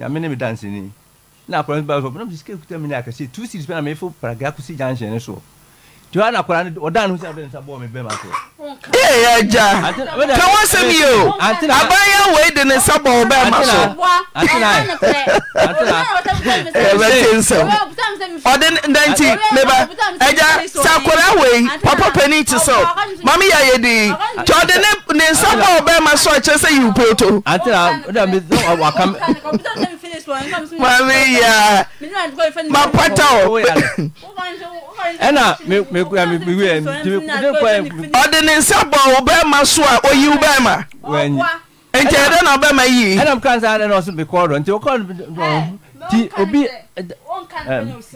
nyame ne me danse ni na akɔrɔ no ba fɔ na me sika kuta mi ne akɛse two series pɛ na mefo paragraph si junction ne eh, so tiwa na kora ne ɔdan ne ho sɛ ɔde ne nsa bɔ ɔmi bɛrima ee agya ka wɔn sɛm yi o abaayewa wei de ne nsa bɔ ɔbɛrima so. atena atena ɛbɛ te nsɛm ɔde nanti meba agya sakora wei papa panin ti sɛ maame yɛ ayɛ de tí ɔde ne ne nsa bɔ ɔbɛrima so ɔkyerɛ sɛ yiwu pooto. atena ɔde mi waka mi maame ya mapata o ɛna mekura mekura ɛn ɔde ne nsa bɔ wo bɛrima so a oyi wo bɛrima nti ɛdɛ na ɔbɛrima yi. ɛna mo kansa ɛna ɔsɛ mi kɔɔ dɔ nti ɔkɔɔ dɔ nti obi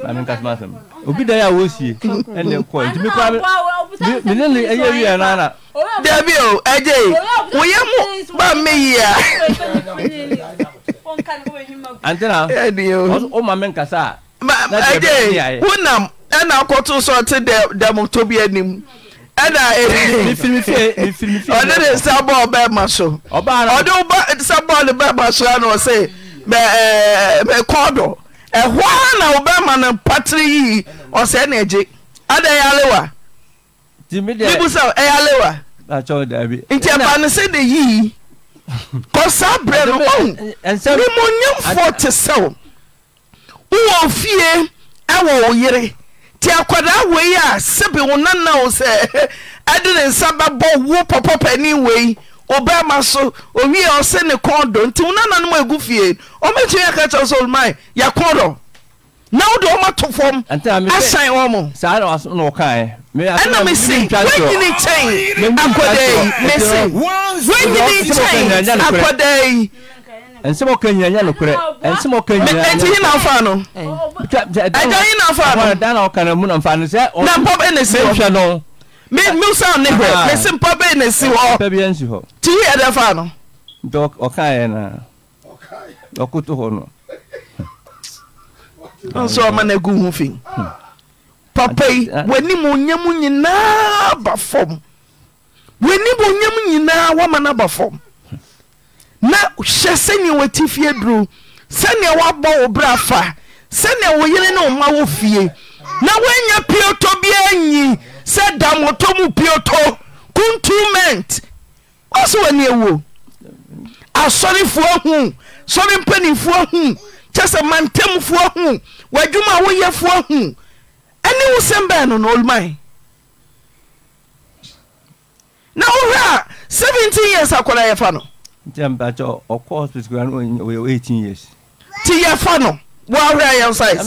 maame nkasima asɛm obi da yi a wosie ɛna ɛkɔɔ nti mi kɔɔ mi ne ne ɛyɛ wi yɛn nana. dabi o ɛgye woyɛ mu ba mi yia. ɛde wonam ɛna akɔto so ɔte dɛmotɔ bi anim ɛnaɔde eh, eh, ne nsa bɔɔ bɛma so ɔde woba nsa bɔɔ ne so ana ɔ sɛ mekɔdɔ ɛhɔ a na wobɛma no patere yii ɔsɛ ne agye ada ɛyɛ alewa bibu sɛ ɛyɛ alewa nti ɛba ne sɛ de yii kɔsaa berɛ no eh, eh, nimonyamfoɔ te sɛwo wowɔ fie ɛwɔ wo yere nti akwadaa wei a sɛbi wo nana wo sɛ ɛde ne nsa bɛbɔ wo pɔpɔ panin wei obɛma so owie ɔse ne kɔn dɔ nti wo nana no m agu fie ɔmɛtumi aka kyɛw sɛ olma yɛkɔn dɔ na wode ɔma to fam asan wɔ moɛna mese woanyini kyɛn akɔdaa yi mese woanyini kyɛn akɔdaa yi nsɛm ɔka nyina nya nokorɛ nsɛm ɔka nyina ɛnti hi na afa no agya hi na afa no da na ɔka no mu na mfa no sɛ na mpa bɛ na si hɔ no me me sa ne hɔ me se mpa bɛ na si hɔ pa bi ansi hɔ ti hi fa no dɔk ɔka yɛ ɔkoto hɔ no manogu ho fipaɛi hmm. wanim onyam nyinaa ba fɔm anim ɔnyam nyinaa woama no ba fɔm na hyɛ sɛnea woatifie duro sɛnea woabɔ wo bera fa sɛnea wɔyere ne ɔma wɔ fie na waya piotɔ biaayi sɛ damɔtɔ mu potɔ nefɔfɔhu kɛsɛ mantamfoɔ hu w'adwuma a woyɛfo ahu ɛne wo sɛm bɛɛ no no oluman na wohwɛ a 17 years akɔda yɛfa no nti yɛfa no woahwɛ yɛn size wo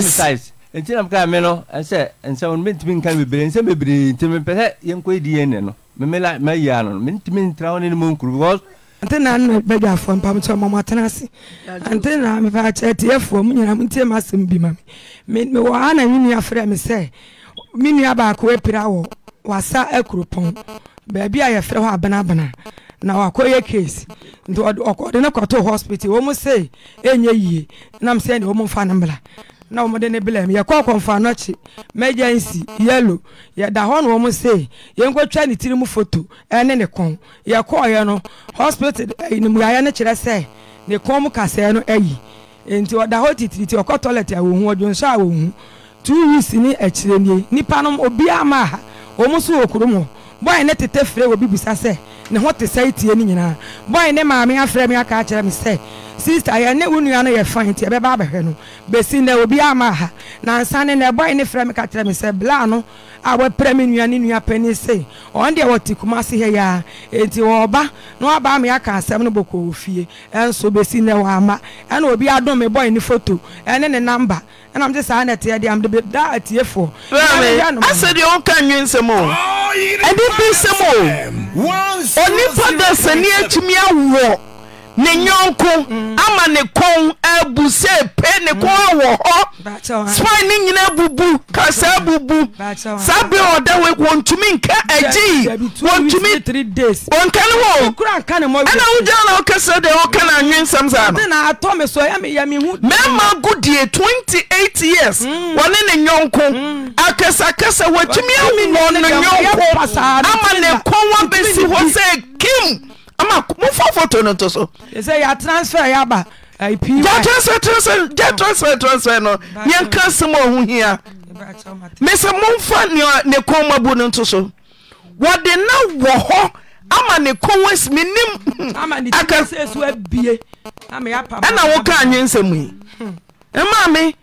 size nti nam kaa me no ɛsɛ nsɛm no mentumi nka bebree nsɛm bebree nti mepɛ sɛ yɛnkɔ yɛdi yɛn nɛ no memela mayi a no no mentumi ntra wo ne mu nkuru because nti na nna bɛdwa afɔ mpam kyɛ ɔmo atena ase nti na mepa kyɛ tie fo mu nyinaa mu ntie mu asɛm bi ma mi mi ha na nwunye nua frɛ mi sɛ mi baako apira wɔ wasa ekuru akuropɔn beebi a yɛfrɛ hɔ abenabena na wakɔ yɛ case nti ɔde ne kɔtɔ hospital wɔn mo sɛ enye yie nam sɛ ɛna wɔn mo fa ne mbla. na wɔn de ne bila mu yɛkɔ kɔnfanɔkye mɛgyansi yɛlo yɛda hɔ na wɔn se yɛnkɔtwa ne tiri mu foto ɛne ne kɔn yɛkɔɔyɛ no hospital ɛyi eh, ne muyayɛ no kyerɛ sɛ ne kɔn mu kaseɛ no ɛyi nti ɔda hɔ titiriti ɔkɔ toilet a wɔn ho ɔdwo nso a wɔn ho two weeks ni akyire nie nipa no obiara maa wɔn nso wɔ kurom hɔ bɔn ne tete fere wɔ bi busa sɛ ne ho te sɛ etie ne nyinaa bɔn ne maame afrɛ mi aka akyerɛ mi sɛ sista yɛ ne wo nua no yɛ fain ti ɛbɛba abɛhwɛ no besi na obi ama ha nansa ne na bɔn ne frɛ mi ka kyerɛ mi sɛ bla ano a wɔpere me nua ne nua pani se ɔn deɛ wɔte kuma se hɛ yaa eti wɔɔba na wɔaba me aka asɛm no bɔkɔ ofie ɛnso besi ne wɔama ɛna obi adum me bɔyi ne foto ɛne ne namba ɛna mo te saa na teɛ deɛ am de be da atiefoɔ. fúlàmì asèdè ó ka nwi nsɛm o ɛdi bi nsɛm o onipa dɛsɛ ni etumi awɔ. ne nwɔnko ama ne kɔn abu sɛ pe ne kɔn awɔ hɔ spae ne nyina abubu kasaa abubu saa beɛ ɔda i wɔntumi nka agei nmi ɔnka ne hɔɛna wogyana wɔkɛseɛ de wɔka ne awen nsɛm saa no mɛma go deɛ 28 years hmm. wɔne ne nwɔnko hmm. akɛsakɛsɛ hɔatumi ah nɔnɔ nyɔnko ama ne kɔn abɛsi hɔ sɛ kim ama mofa foto no to so sɛ yɛ transfer yɛaba gya transfer transfer gya transfer transfer no yɛnka sɛm a ho hia mesɛ momfa ne kɔn ma bu no nto so wɔde na wɔ hɔ ama ne kɔn asi menim ɛna woka anyɛ nsɛm yi hmm. ɛmaa me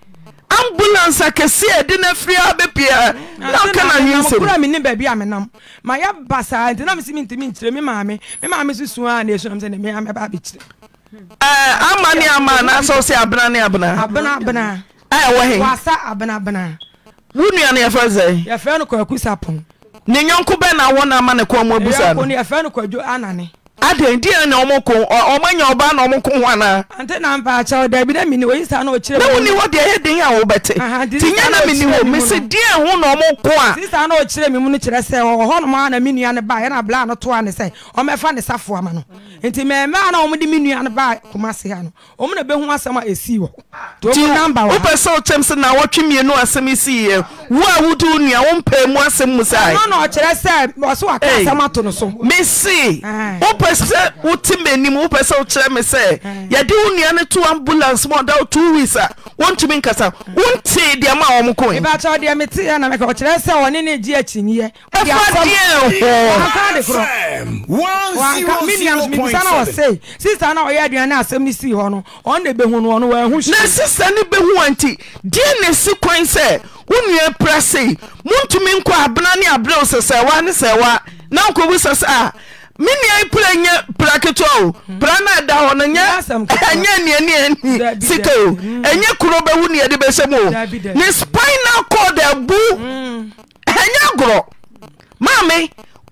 ambulance akɛseɛ ɛde no afiri a bɛpia mm. na ɔka na ne nsɛmkora mene baabi a menam ma yɛba saa nti na mesi mentimi nkyerɛ me maame me maame so sua a na ɛsuam sɛ ne mea mɛba bɛkyerɛ eh, ama ne ama anaasɛ wo sɛ abena ne abena abenabena eh, ɛwɔ he wasa abenabena wo nua no yɛfrɛ sɛ yɛfrɛ no kwaku sapon ne nyɔnko bɛ na wɔ no ama ne kɔn mu abusa no yɛfrɛ no kwadwo anane adɛn deɛ na ɔmo ko ɔmanya ɔbaa na ɔmo ko wana. anaa. ante na mpa akyɛw dɛbi na mini oyi saa na okyerɛ mu. na wuni hɔ deɛ ɛyɛ den a wɔbɛte ti nya na mini hɔ mesi deɛ ho na ɔmo ko a. sisa na okyerɛ mi mu no kyerɛ sɛ ɔwɔ nom a na mi nua ne ba yɛn bla ano to a ne sɛ ɔmɛfa ne safo ama no nti mɛmɛ a na ɔmo de mi nua ne ba kuma se ha no ɔmo na bɛhu asɛm a esi wɔ. ti o pɛ sɛ o sɛ na wɔtwe mienu asɛm esi yɛ wo a wotu o nua wo mpɛ mu asɛm mu saa. ɔno na ɔkyerɛ no so. mesi sɛ wote m'anim wopɛ sɛ wokyerɛ me sɛ yɛde wo nnua no to ambulance ma ɔda wo two weeks a wɔntumi nkasa wontee deɛ ma a wɔm koe mebakyɛ deɛ eh, meteɛ na meka ɔkyerɛ sɛ ɔne ne gye akyinyeɛ ɛfadeɛhɔmemisa eh, oh. na ɔsei sista na ɔyɛ aduane asɛm no sii hɔ no ɔn na bɛhu no ɔno wɔahu na sista ne bɛhu wa nti deɛ ne si kwan sɛ wo nua pra sei montumi nkɔ abena ne aberɛw sɛ sɛwa ne sɛwa na nkɔbu sɛ sɛ a menea pera yɛ praketɔ o mhm. pra na adahɔ neɛnyɛ nneanei sikao ɛnyɛ koro bɛwo neade bɛsɛ m o mhm. ne spaina koɔ de bu ɛnya mhm. gorɔ maame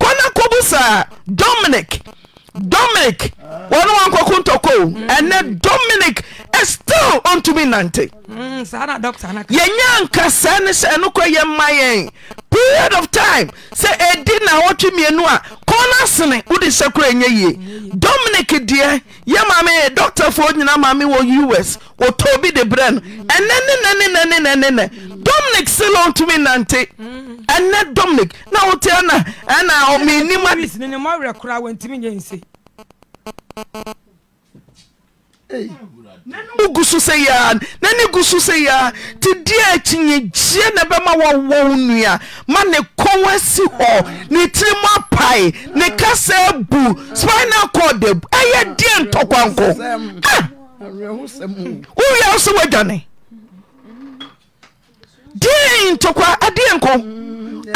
kona kobo saa dominik dominic wɔne wankɔko ntɔkoo ɛnɛ dominic still ɔntumi nante yɛnya anka saa ne sɛ ɛno kɔ yɛ ma yɛn period of time sɛ ɛdi na wɔtwe mmienu a kɔn no sene wode sɛ kora ɛnyɛ yie dominic deɛ yɛ maame dɔctafoɔ nyina maame wɔ us wɔtɔ bi de berɛ no ɛnɛ ne nɛne nɛne nɛne nɛ dominic sila ntumi nante ɛnɛ dominic na wote ɛna ɛna ɔmenim ade nanu gu so sɛ yaa nani gu so sɛ yaa te deɛ akyinyegyie na ɛbɛma wa wo nua ma ne kɔn asi hɔ ne tirim apae ne kasa abu spinal cord abu ɛyɛ deɛ ntɔkwanko ah! wowie wo sɛ woadwane deɛ ntokwa adeɛ nko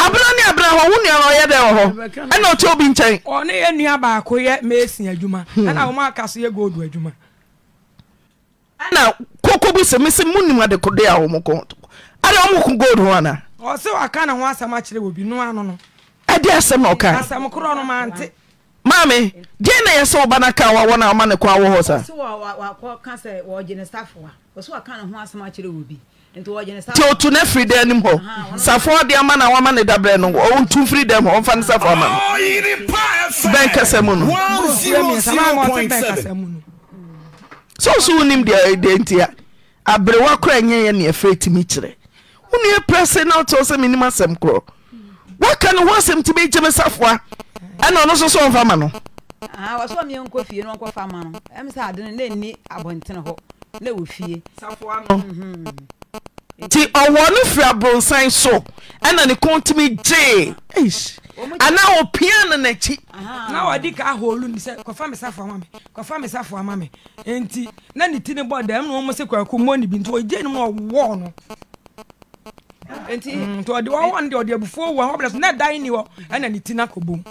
abena ne abena hɔ wo nnuana ɔyɛ dɛn wɔ hɔ ɛna ɔtɛ obi nkyɛn ɔne yɛ nnua baako yɛ mɛsi adwuma hmm. ɛna wɔm aka so yɛ gold adwuma ɛna koko bi sɛ mesɛ monim ade a kɔ ade gold ho ana ɔsɛ waka ne ho asɛm akyerɛ wɔ bi no ano no ɛde asɛm na ɔka asɛm korɔ no mante maame na yɛ sɛ no ka wawɔ no a ne kɔ awɔ hɔ tí o tu ne firi dɛ anim hɔ safo ɔde ama na wama ne dabrɛ no ɔwɔ ntu firi dɛm hɔ ɔmfa ne safo ama no oh, bɛn kasa mu no sɛ ɔso wonim deɛ deɛ nti a aberewa kora nyɛ yɛ nea ɛfrɛ tumi kyerɛ wo nua prɛse na wotɔ sɛ menim asɛm korɔ woaka ne ho asɛm tumi gye me safoa ɛna ɔno so so ɔmfa ma no wɔsɛ ɔmeɛ nkɔ fie no ɔnkɔfa ma no ɛm sɛ ade no na ɛnni hɔ na wɔ fie nti ɔwɔ no firi aborɔnsan so ɛna ne kɔn tumi gyee ana ɔpia no n'akyi na wadi ka aholu ne sɛ kɔfa me safo ama me kɔfa me safo ama me nti na ne ti ne bɔ dɛm na wɔn sɛ kwaku mmɔ ne bi nti ɔgye ne mu ɔwɔ no mm. nti ɔde wɔwɔ no deɛ ɔde abufuo wɔ hɔ bɛrɛ so na ɛdan ni hɔ ɛna ne ti na kɔ bom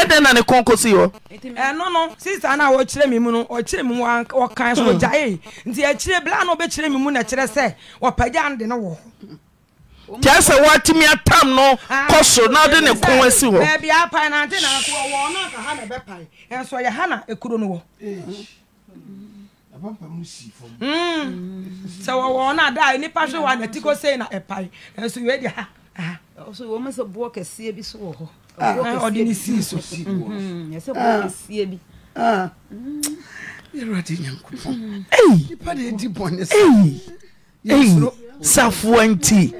ɛdɛn na ne kɔnkɔ si hɔ. Eh, ɛno no sista a wɔkyerɛ mu no ɔkyerɛ me mu ɔkan so ɔgyae hmm. nti akyire bla na ɔbɛkyerɛ me mu na ɛkyerɛ sɛ wɔpagya de no wɔ hɔ sɛ woatumi atam no ah, kɔ so na wode ne ko asi hɔ baabi apae na wɔwɔ no anka ha na ɛbɛpae ɛnso ɔyɛ ha na ɛkuro no wɔ hmm. sɛ wɔwɔ no ada wɔ na ɛpae ɛnso wei de ha wɔm sɛ boɔ kɛseɛ bi so wɔ hɔ ɔde ne sii so yɛwurade nyankopɔn nipa deɛ ɛdi bɔne sɛ safoa nti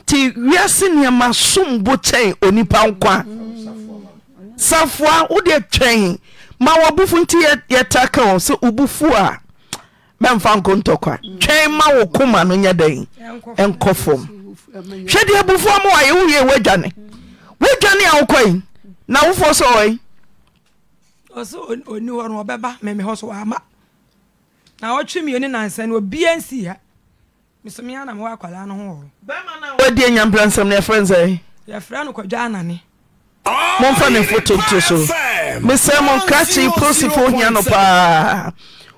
nti wiase nneɛma sombo kyɛn onipa nkwa mm-hmm. safoa wodeɛ twɛn ma wɔbofo nti yɛta ka wɔ sɛ wobufu a bɛmfa nkontɔkwa twɛn ma wo koma mm-hmm. no nyɛ dɛn ɛnkɔ fam mm-hmm. hwɛ deɛ abufuɔ ma wayɛ woyɛ woadwane wodwane a wokɔi na wofoɔ sɛ ɔi ɔsɛ ɔni hɔ no ɔbɛba meme hɔ so wɔama na ɔtwe mmienu nansa no obia nsi ha mesome ana mewɔ akwadaa no ho wɔ wadie nyampra nsɛm no yɛfrɛ nsɛ yɛfrɛ no kwadwa anane momfa ne foto nto so mesɛ mo krakye posifoɔ hia no paa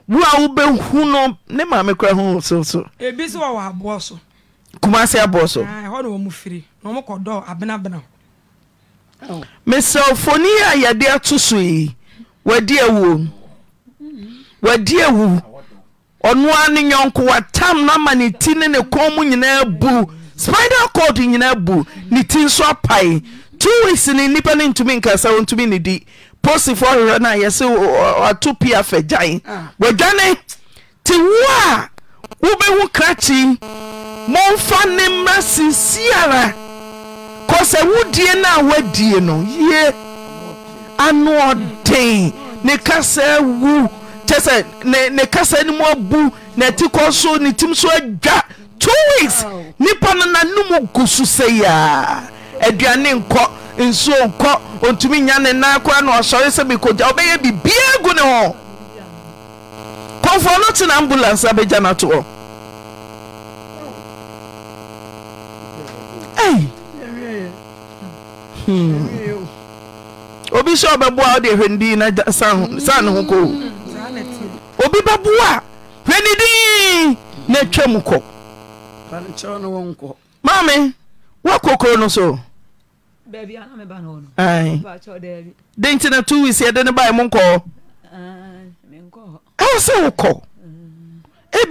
wo a wobɛhu no ne maame kora ho so so ebi sɛ wɔwɔ aboɔ so kumase aboɔ so ɛhɔ na wɔ mu firi na ɔmokɔdɔ abenabena hɔ Oh. mesɛ honiyi a yɛde atosoyi wadawuo wadeawu ɔnoa ne yɔnkowatam no ama ne ti ne ne kɔn mu nyinaa bu spidal cod nyinaa bu ne tim so pae t weeks no nnipa ne ntumi nkasa o ntumi ne di posifoɔ werɛ no ayɛse ato pii afɛ gyae ah. waane ti wu a wobɛhu kra kyi momfa ne mmra sisi ara kọsẹ wudie na wadie no yie ano ɔden ne kasa wu kyesɛ ne ne kasa ne mu abu na ti kɔ so ne tim so adwa two weeks nipa no n'anum gu so se yaa aduane nkɔ nsuo nkɔ ntumi nya ne nan kora na ɔsɔre sɛ bi kogya ɔbɛyɛ bi bia gu ne ho kɔnfoɔ no te na ambulance abɛgya n'ato hɔ ɛyi. Hmm. obi sɛ ɔbɛboa ɔde hwɛ ne na san san ne ho kɔ obi bɛboa hwɛ ne din na atwa mu kɔ maame woakɔ kuro no so denti na two weeks yɛde ne bae mu nkɔɔ ɛwɔ sɛ wokɔ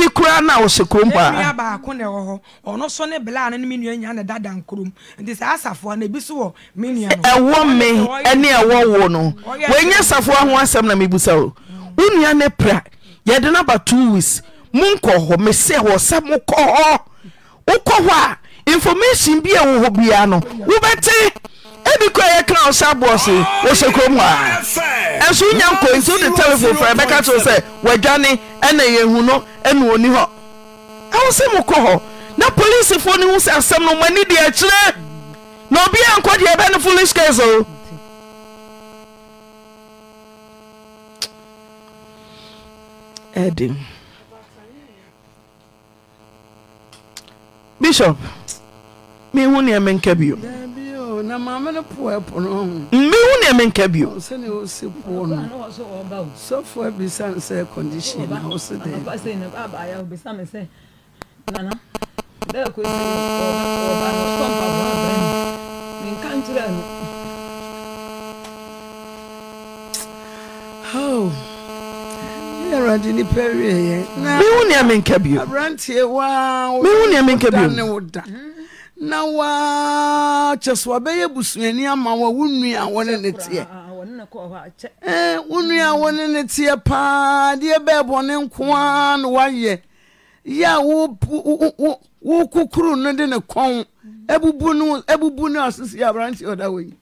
bi koraa na ɔhyɛ kurom paa nua baako na ɛwɔ hɔ ɔno so ne bela ne me nua nya ne dada nkurom nti saa asafoa na ebi so wɔ me nua no ɛwɔ me ɛne ɛwɔ wo no wɔnyɛ asafoa ho asɛm na mebusa o wo nua ne pra yɛde no aba two weeks monkɔ hɔ mesɛ hɔ sɛ mokɔ hɔ wokɔ hɔ a information bi a wɔ hɔ biara no wobɛte ebi kɔ yɛ kan ɔsɛ aboɔse wɔhyɛ kurom hɔ a ɛnso wonya nkɔ nti wode telephone fra bɛka kyerɛ sɛ wɔadwane ɛna yɛhu no ɛne ɔni hɔ ɛwo sɛ mokɔ hɔ na polisifoɔ no hu sɛ asɛm no mani deɛ akyerɛ na obi a nkɔ deɛ ɛbɛ no foolish case o ɛdi bishop mehu neɛ menka bio na maame no po ɛpo no ho mmehu ne ɛmenka bio sɛne ɔsi po no sɔfo abisa ne sɛ condition na wo se dɛ nana bẹẹ kò sí ọba ní sọmpa bọ abẹ mi nǹkan tirẹ mi. awurade nipa awie yɛ. mehu nea menka bio. aberanteɛ waa. mehu nea menka bio. na waa kyɛ so abɛyɛ busuani ama wa wo nua a wɔne ne teɛ wo nua a wɔne ne teɛ paa deɛ bɛɛbɔ ne nko a na woayɛ yɛ a wokokuru no de ne kɔn abubu ne ɔsese aberanteɛ ɔda wɔ yi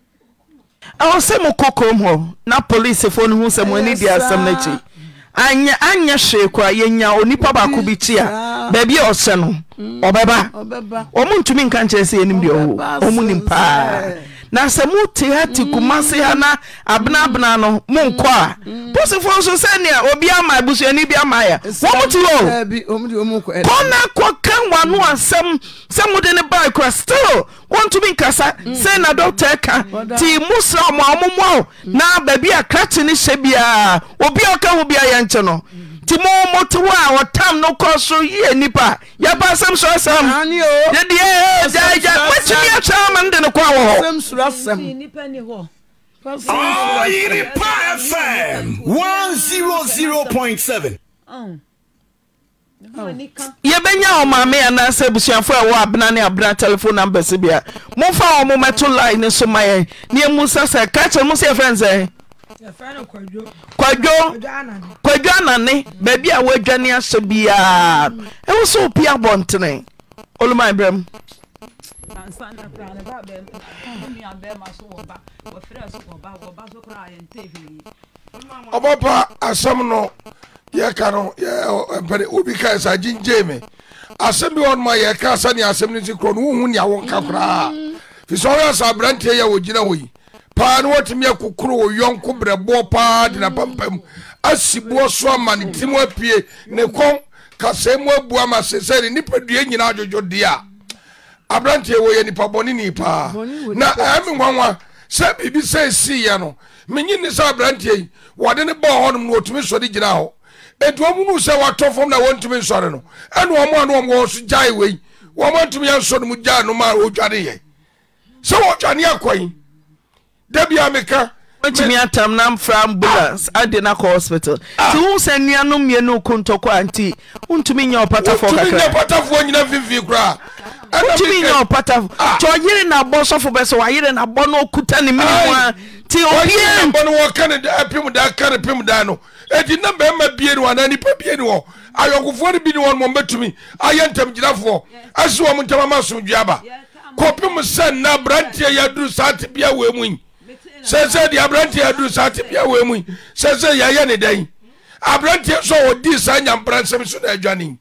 ɛwɔ sɛ mokɔ kurom hɔ na policefoɔ no hu sɛ mo ani di asɛm no akyi anyɛ hwee koa yɛnya onipa baako bi ti a baabi a ɔsɛ no ɔbɛba mm. ɔmo ntumi nka nkyerɛ sɛ yɛnim deɛ ɔwɔ ɔmu nim paa na sɛ motea te kuma se a na abenabena no mo nkɔa mm-hmm. posifoɔ so sɛnea obiaama busoani bi amayɛ wɔ mote okɔna kɔka wanoasɛm sɛ mode ne bai kora stile wɔntumi nkasa mm. se nadɔtɛ ka ti mo sra moa womomoao na baabi a krakye ne hyɛ biaa obia wɔ ka ho bia yɛ nkye no mm. nti mo mote hɔ a ɔtam no kɔ so yie nnipa yɛba asɛm so asɛm yɛdeɛ gyaagya matumi akyerɛ ma no de no kɔ wɔ hɔ Oyiripa FM 100.7 yɛbɛnya ɔmaame anaasɛ abusuafo a ɛwɔ abena ne abena telephone numbers bi momfa wɔ mo mɛto line so ma yɛn na ɛmu sɛ sɛ ka kyerɛ sɛ yɛfrɛ n kwadwo kwadwo anane baabi a woadwane asɔ biaa ɛwɔ sɛ opi abɔntene oluman berɛ mu ansa na ne ba bɛ ne nua bɛrima so wɔ ba wɔfrɛ so wɔ ba wɔ asɛm no yɛka no yɛmpɛde obi ka sa gyingye me asɛm bi wɔnom a yɛka sɛnea asɛm no si korɔ no wohu nea wonka koraa firi sɛ ɔyɛ sɛ aberanteɛ yɛ wɔgyina hɔ yi paa na watumi akokoro wɔ yɔnko brɛboɔ paa de napampam asiboɔ so ama ne tirim apue ne kɔn kasɛɛ mu abu ama sesɛ ne nipa dua nyinaa adwodwo deɛ a aberanteɛ wɔyɛ nipa bɔne ni paa na ɛmi nwanwa sɛ biribi sɛ ɛsiiɛ no menyi ni sɛ aberanteɛ yi wɔde ne bɔɔ hɔnom na wɔtumi sɔre gyina hɔ ɛnti ɔmunu sɛ wɔatɔ fam na wɔntumi nsɔre no ɛne ɔmo a ne ɔmwɔ so gyae wei wɔma ntumi yɛ nsɔ no mu gyae no ma a wɔdwane yɛ sɛ wɔdwane akɔ yi dabi ameka. wetumi atam na mfra ambulance ade na kɔ hospital ah. ti n sɛ nuanu mmienu ko ntɔkwa nti ntumi nya ɔpatafoɔ kakra ntumi nya ɔpatafoɔ nyina fifi kura. ntumi nya ɔpatafoɔ ah. tí ɔyere na abɔ sɔfo bɛ sɛ wayere na abɔ na okuta ne mini mu a ti obiɛ. ɔyere na abɔ na wɔka ne da eh, pim da ka ne pim da no edi na mɛɛma bie ni wɔ anaa nipa bie ni wɔ ayɔnkofoɔ ni bi ni wɔn mo mbɛtumi ayɛ ntɛmgyinafoɔ asi wɔn ntɛm ama asomdwe aba kɔpem sɛ nna sɛsɛ deɛ aberanteɛ aduru saa te bia wei mu yi sɛsɛ yɛyɛ ne dɛn aberanteɛ so a wɔdii saa nyamperansɛm so na adwane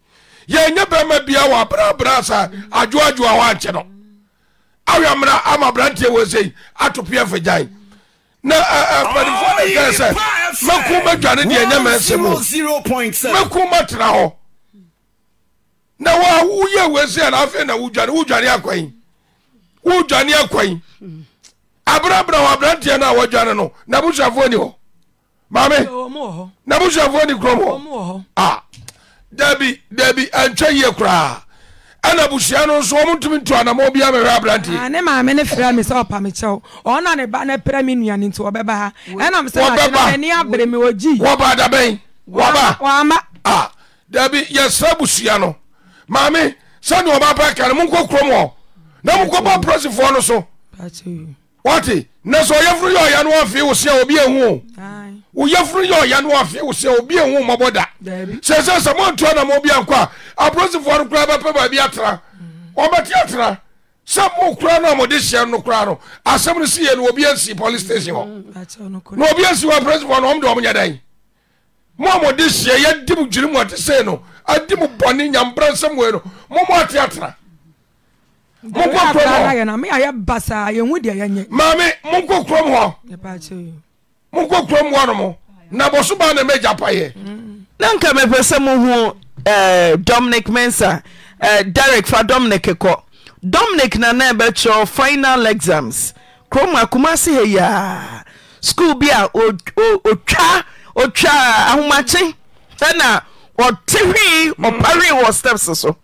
yɛnyɛ bɛrima bia wɔ abrabra saa adwoadwoa hɔ ankyɛ no awɛ ama aberanteɛ wɔ sɛi ato peɛ fa gyae na mpanifoɔ ne kɛɛ sɛ mɛku mɛdwane deɛ ɛnyɛ mɛnsɛm mɛku mɛtena hɔ na wa woyɛ wɔ sɛ na afei na wodwane wodwane akwan wodwane akwan abrabra wa aberanteɛ no a no nabusuafoɔ ni hɔ maame nabusuafoɔ ni kurom hɔ a dabi dabi antwa yie koraa ɛna abusua no nso ɔmo ntumi ntu anamɔ bi amehwɛ aberanteɛ. ne maame ne fira mi sɛ ɔpa mi kyɛw ɔna ne ba ne pira mi nua ne nti wɔbɛba ha ɛna mi sɛ wɔbɛba ɛni abere mi wɔ gyi. wɔba adabɛn wɔba wɔama. a dabi yɛsɛ abusua no maame sani wɔn b'a pa kan mu nkɔ kurom hɔ na mu nkɔ bɔ polisifoɔ no so. Wati na sɛ ɔyɛfunu yɛ ɔyɛ no wɔmfee wo sea obi ɛhu o wo yɛfunu yɛ ɔyɛ no wɔmfee wo sea obi ɛhu mmɔbɔ da sɛ sɛ sɛ moantua na mobi ankɔ a apolisifoɔ no koraa bɛpɛ baabi atena ɔbɛte atena sɛ mo kora no a mode hyɛ no koraa no asɛm no siyɛ no obi ansi police station hɔ na obi ansi hɔ apolisifoɔ no ɔmde ɔmnyɛ dɛn mo a mode hyɛ yɛdi mo dwiri mu ɔte sei no adi mo bɔne nyambrɛ nsɛm wei no mo mo ate atena monkkommonkkrom h nom na bso bana mɛgya payɛ ne nka mɛpɛ sɛ mohu eh, domnic mensa eh, direct fa domnikkɔ domnicnana bɛkyerɛ final exams krom akoma se hɛyia skuul bi a wa ahomakye ɛna ɔtewee ɔpahwee wɔ steps so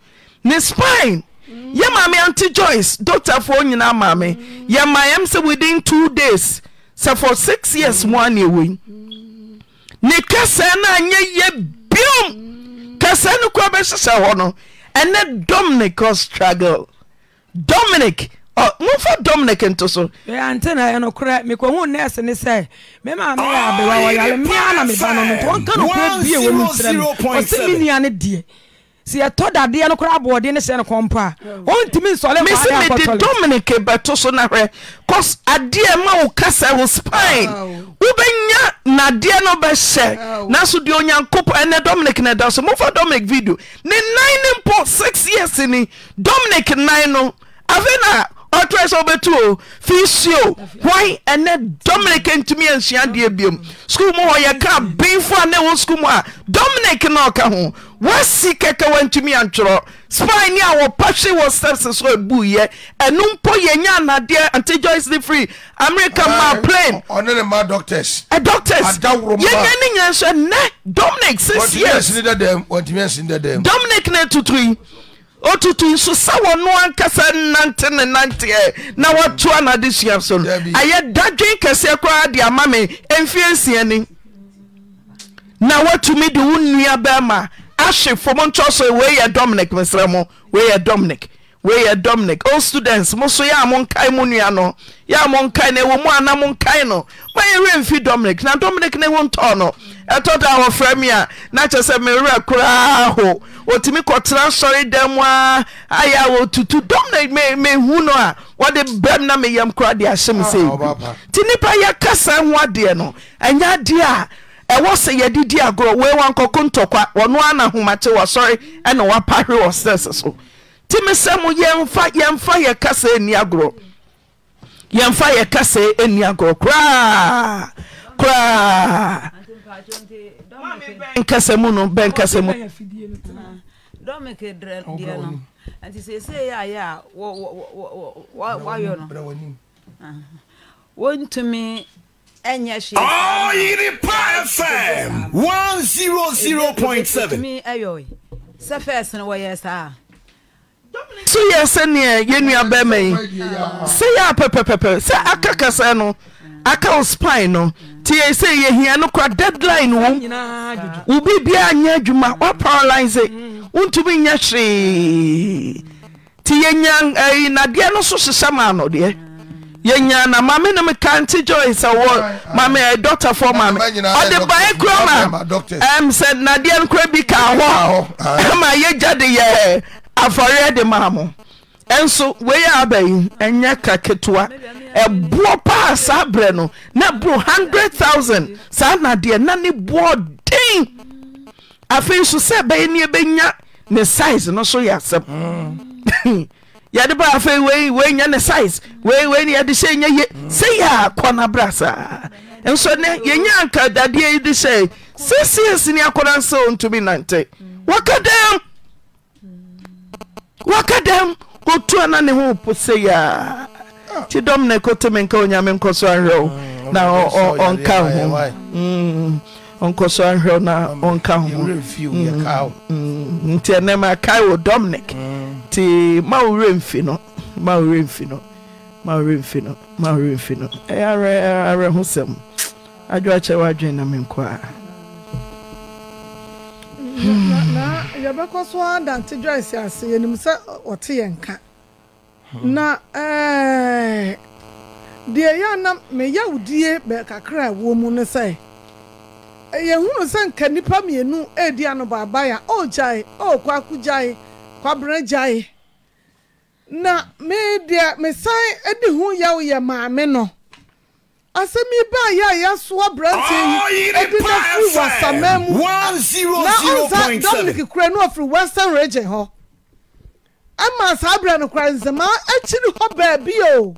ne spine yɛ maame ante joyce doctafoɔ nyinaa maame yɛma yɛm sɛ within two days sɛ for six years mo a ne ɛwɔi ne kasɛe no anyɛ yɛ biom kasɛe no kora bɛhyehyɛ hɔ no ɛnɛ dominic o struggle dominic momfa dominic nto so ante na ɛno korɛ mekɔhu nɛɛse ne sɛ me maa me oh, yɛ abewa wɔyare mea na meba no no nti wɔnka nokora bie wɔ no nkyerɛ me ɔsɛ me nua ne deɛ Si yɛtɔ dadeɛ no kora aboɔden ne sɛ no kɔmpo a ɔntumi nsɔle mesi mede dominic bɛto so na hwɛ cause adeɛ ma wo kasa wo spine wobɛnya nadeɛ no bɛhyɛ nanso deɛ onyankopɔn ɛnɛ dominic na ɛda so mofa dominic video ne nan ne mpo six years ni dominic nan no afei na ɔtɔɛ sɛ wobɛtu o fiisio hwan ɛnɛ dominic ntumi ansua deɛ biom skul mu hɔ yɛka benfo a ne wɔ skul mu a dominic na ɔka ho Wasi kɛkɛ wantumi antwerɛ spine ne a wɔpa hwe wɔ steps so abuiɛ ɛno mpo yɛnya anadeɛ antijoys de free america ma plane ɔne ne ma doctors ɛ doctors yɛnya ne nyina nhyɛ nɛ dominic six years dominic ne tutu yi otutu nso sɛ wɔno ankasa nante ne nanteɛ e. na wɔto anade sua so no ayɛ dadwen kɛseɛ koraa de ama me mfie nsia ni na woatumi de wo nnua bɛrima ahyefo mo ntɔ so wei yɛ dominic mesrɛ mo wei yɛ dominic wei yɛ dominic old students mo so yɛ a mo nkae mo nua no yɛ a mo nkae no ɛwɔ mu ana mo nkae no mayɛwerɛ mfi dominic na dominic ne ho ntɔɔ no ɛtɔ da wɔfrɛ me a na kyerɛ sɛ mewerɛ koraa ho wɔtumi kɔtena sɔre dɛm mu a ayɛ a wɔtutu dominic mehu no a wɔde bɛm na meyam koraa de ahyɛ m ah, sɛ nti nnipa yɛka kasa ho adeɛ no ɛnyɛ adeɛ a ɛwɔ sɛ yɛde di agorɔ wei wankɔko ntɔkwa wɔno ana homate wɔsɔre ɛna wɔapare wɔ sɛs so timi sɛ mo yɛmfa yɛmfa yɛ kasa ani agorɔ yɛmfa yɛ kasa ani agorɔ koraa koraa nkasa mu no bɛnkasa mu nti seesei a yɛ a wɔayɔ no wɔntumi ɛnyɛ hwee. ɔyiri pa fm one zero zero point seven. ɛdí ɛyọ yi sɛ fɛs ni wɔyɛ saa. so yɛ sɛneɛ yɛnnua bɛrima yi sɛ yɛ a pɛpɛpɛpɛ sɛ aka kasa no aka wo spine no nti yɛ sɛ yɛhia no kora deadline wom wo a nyɛ adwuma woaparalyse wontumi nyɛ hwee nti yɛnya nadeɛ no so hyehyɛ ma anɔdeɛ yɛnya na mame no meka nte joy sɛ wɔ mame dɔctafoɔ mame ɔde bae kuro ma ɛm sɛ nadeɛ no kora bi ka hɔ ah. ma yɛgya de yɛ afɔreɛ de maa mo ɛnso wei a aba yi ɛnyɛ paa saa berɛ no na hundred thousand saa nadeɛ na ne boɔ den afei nso sɛ ɛbɛyɛ ne ɛbɛnya ne size no so yɛ asɛm mm. yɛde ba afei wei nya ne size wei ne yɛde hyɛ nya ye sei a kɔna brasa saa nso nɛ yɛnya anka dadeɛ yi de hyɛ six ne akɔda nsɛ ɔntumi nante waka dɛm waka dɛm ɔtua na ne ho po sei a nti dɔm na ɛkɔtemi nka onyame nkɔ so ahwerɛ na ɔnka ho ɔnkɔ so ahwɛ na ɔnka ho mm-hmm. Mm-hmm. nti ɛnɛ ma wɔ dominic mm. nti ma wo werɛ mfi no ma wo werɛ mfi no ma wo werɛ mfi no ma wo werɛ mfi no ɛyɛ awerɛ na na yɛbɛkɔ so a ase yɛnim sɛ ɔte hmm. na deɛ yɛ anam bɛkakra a mu ne sɛ Eh, yɛhunu sɛ nka nnipa mmienu redi anobaaba a ɔregyae ɔrekɔako gyae kwabena gyae na me deɛ mesan di ho yaw yɛ maame no asɛm yi baa yɛ a yɛsoa berante yi ɛde no firi wasaman mu na ɔnsa dominic kura no ɔfiri western region hɔ ɛma saa berɛ no kora nsɛma akyiri hɔ baabi o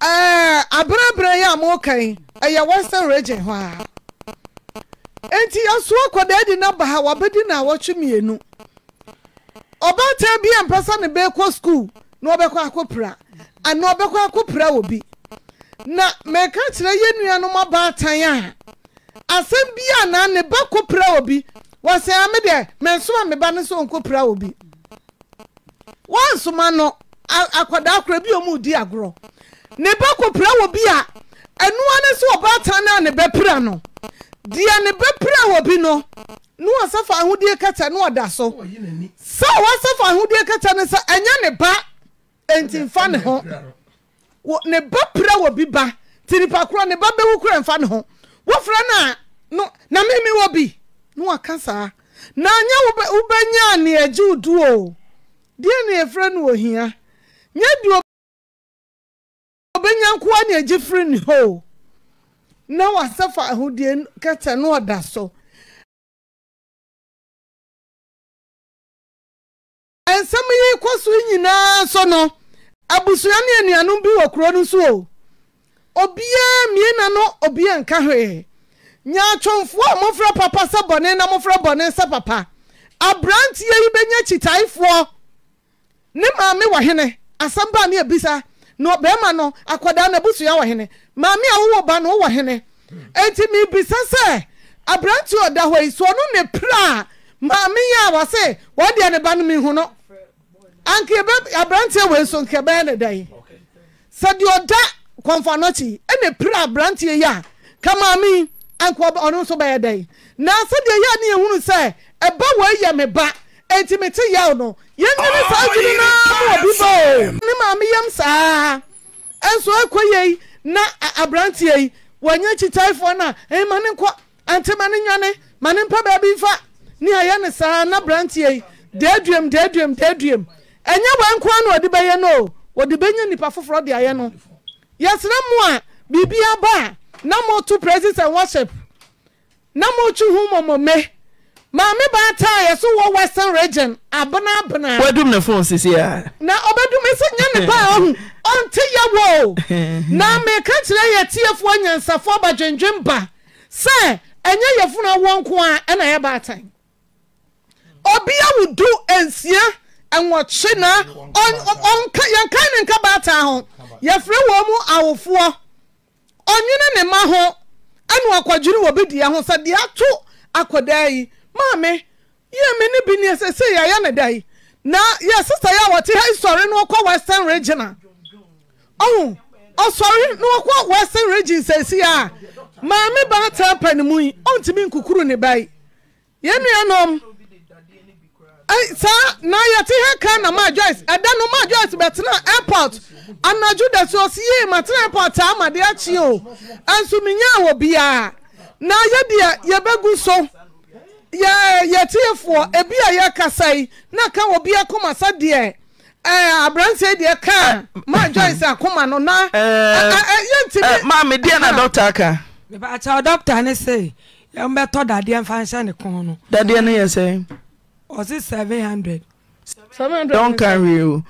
ɛɛ aberɛberɛ yi a mokan ɛyɛ western region hɔ a nti yɛsoa akwadaa di naba ha wabɛdi na awɔtwe mmienu ɔbaatan bi a mpasa sɛ ne bɛkɔ skuul na ɔbɛkɔ akɔpira ana ɔbɛkɔ akɔpira wɔ bi na mɛka kyerɛ yɛ nuanom abaatan a asɛm bi a na ne ba kɔpira wɔ bi wɔsɛn ame deɛ mɛnsoma me ba ne sɛ ɔnkɔpira wɔ bi wɔnsoma no akwadaa kora bi a ɔmu di agorɔ ne ba kɔpira wɔ bi a ɛnoa ne sɛ ɔbaatan no a ne bɛpira no deɛ ne bɛpira wɔ bi no ne wasafa ahodeɛ kɛtɛ ne ɔda so sɛ wasafa ahodeɛ kɛtɛ no sɛ ɛnyɛ ne ba enti mfa ne ho ne ba pira wɔ bi ba nti nipa korɔ ne ba bɛwu kora mfa ne ho wofra no no na mimi wɔ bi ne waka saa na nyɛ wobɛnya a ne agye wo duo o deɛ ne yɛfrɛ no wɔ hia nyɛ deɛ ɔbɛnya nkoa ne agye firi ne hɔ na wasafa ahodeɛ kɛtɛ no ɔda so nsɛm yi kɔ so nyinaa so no abusua ne anuanom bi wɔ kuro no so o obiara mmiena no obiara nka hwee nyaatwomfoɔ a mofrɛ papa sɛ bɔne na mofrɛ bɔne sɛ papa aberanteɛ yi bɛnya kyitaefoɔ ne maame wɔ hene asɛm baa ne abisa na bɛrima no akwadaa na abusua wɔ hene maame a wowɔ ba no wowɔ hene eti mibisa sɛ aberante ɔda hɔ yi so ɔno ne pra maame yi a wɔse wɔde ne ba no mi hu no anke ebe aberante wɔ nso nke bɛyɛ ne dan sɛ deɛ ɔda kɔnfanɔkyi ɛna pra aberante yi a ka maame yi anke ɔno nso bɛyɛ dan na sɛdeɛ yɛ ne ehunu sɛ ɛba wɔ eyɛ me ba eti me te yaw no yɛn nyɛ ne saa adwiri naa mo wɔ bi ne maame yam saa ɛnso ekɔ yɛ yi na aberanteɛ yi wɔnyɛ kyitaifoɔ no a ɛyi ne nkɔ ante ma ne nwane ma ne mpa baabi mfa ne ayɛ ne saa na aberanteɛ yi deeduam deeduam deeduam ɛnyɛ wɔn nkoa na wɔde bɛyɛ no o wɔde bɛnya nipa foforɔ de ayɛ no yɛsrɛ mu a biribi aba a na mo to praises and worship na mo twi hu mɔmɔmɛ. maame baataa yɛ so wɔ western region abenaabena wadum ne phone sisi a na ɔbɛdum sɛ nyɛ ne ba a ɔhu ɔnte yɛwɔ o na meka kyerɛ yɛ tiefoɔ nyansafoɔ badwendwen ba enye ɛnyɛ yɛfunu awɔ nko a ɛna yɛ baatan obi awudu nsia ɛwɔkye na ɔnka yɛnka ne nka baataa ho yɛfrɛ wɔn mu awofoɔ ɔnwene ne ma ho ɛna ɔkɔdwene wɔ bi deɛ ho sɛ deɛ ato akɔdaa yi maame yɛ me ne bi ne ɛsɛ sɛ yɛayɛ ne da yi na yɛ sista yɛ a wɔte ha sɔre na wɔkɔ western regional a ɔho ɔsɔre na wɔkɔ western region sɛsi a maame baa taa pa ne mu yi ɔntumi nkukuru ne ba yi yɛn nuanom saa na yɛte ha kan na maa joyce ɛda no maa joyce bɛtena airport anadwo da so ɔsi ma matena airport a amadeɛ akyi o nso mi nya wɔ biara na yɛ deɛ yɛbɛgu so. yɛ yɛtiefoɔ ebi a yɛkasa yi na ka wɔ bi akoma sa deɛ ɛɛ aberanteɛ deɛ kaa maa joyce akoma no na yɛntumi. maame deɛ na dɔkta aka. bàtà dɔkta ne se yɛn bɛ tɔ dadeɛ nfa nhyɛ ne kɔn no. dadeɛ ne yɛ sɛ. ɔsi seven hundred. seven hundred. dɔn kan wi o.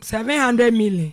seven hundred million.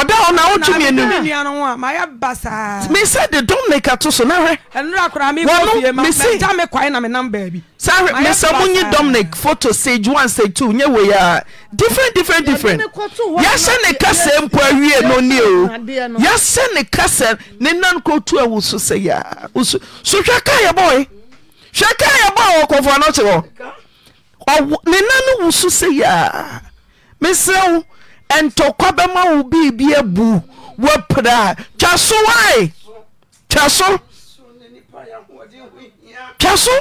ɔda nowodemianim mesɛ de domne ka to so noɛsɛmye n poo sɛn kas a n a a sɛeɛo ɛntoka bɛma wɔ biibi bu woprɛa twɛ so wi twɛ so twɛ so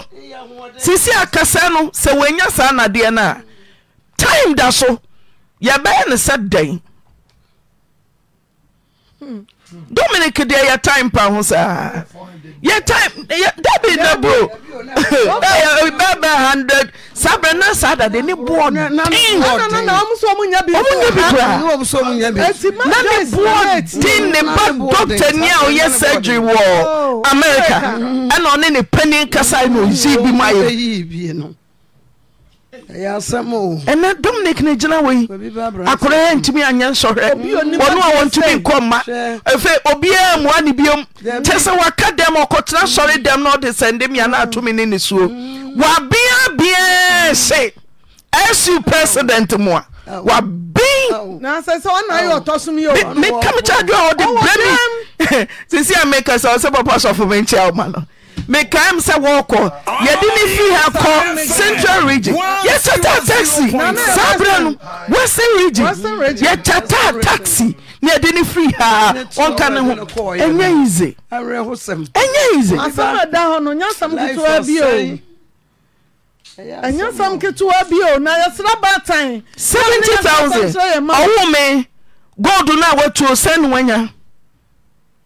sisie akɛsɛ no sɛ woanya saa nadeɛ no a time da so yɛbɛyɛ no sɛ dɛn hmm. dominik deɛ yɛ time pa ho saa yɛ time yɛ uh, dabi na bro ɛyɛ bɛɛ bɛ hundred sábẹ náà sáadà de ni bọọ ni tin na na na ɔmu sọ ɔmu nya bi kura ɔmu nya bi kura ɔmu sọ ɔmu nya bi na ni bọọ tin ne ba dɔkita ni a ɔyɛ surgery wɔ oh. america ɛna ɔne ne panyin kasa yi na oyi bi ma yɛ ɛyɛ asɛm o ɛnɛ dominic ne gyina wɔ yi akora yɛ ntumi anyɛ nsɔhwɛ wɔno a wɔntumi nkɔ mma ɛfɛ obiaa mmoa ne biom kyɛ sɛ waka dɛm ɔkɔtena sɔre dɛm na ɔde sɛnde miana atumi ne ne suo wabea biaa se su president mu a wabin meka mekyɛ adwo a ɔde brɛ mi sisi a meka sɛ ɔsɛ papa sɔfo me nkyia wo ma no mekae m sɛ wɔɔkɔ yɛde ne fi ha kɔ central region yɛkyataa taxi saa berɛ no western region yɛkyataa taxi ne yɛde ne firi haa ɔnka ne ho ɛnyɛ ize ɛnyɛ ize ɛnyɛ sɛm ketewa bio na yɛsrɛ Seventy thousand. ɔwo me gold no a watuo sɛ ne wanya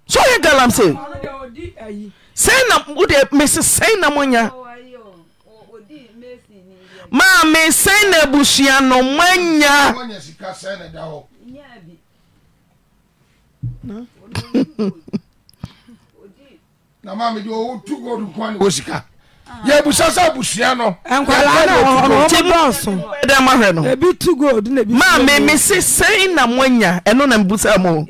so ɔyɛ galamsey sɛn na wode mesi sɛn na monya maame sɛn na abusua no moanya na maame de owo tu gold kwan wo sika yɛ abusa sɛ abusua no nkwalaadɛ mahwɛ no maame mesi sɛn na moanya ɛno na mbusa mo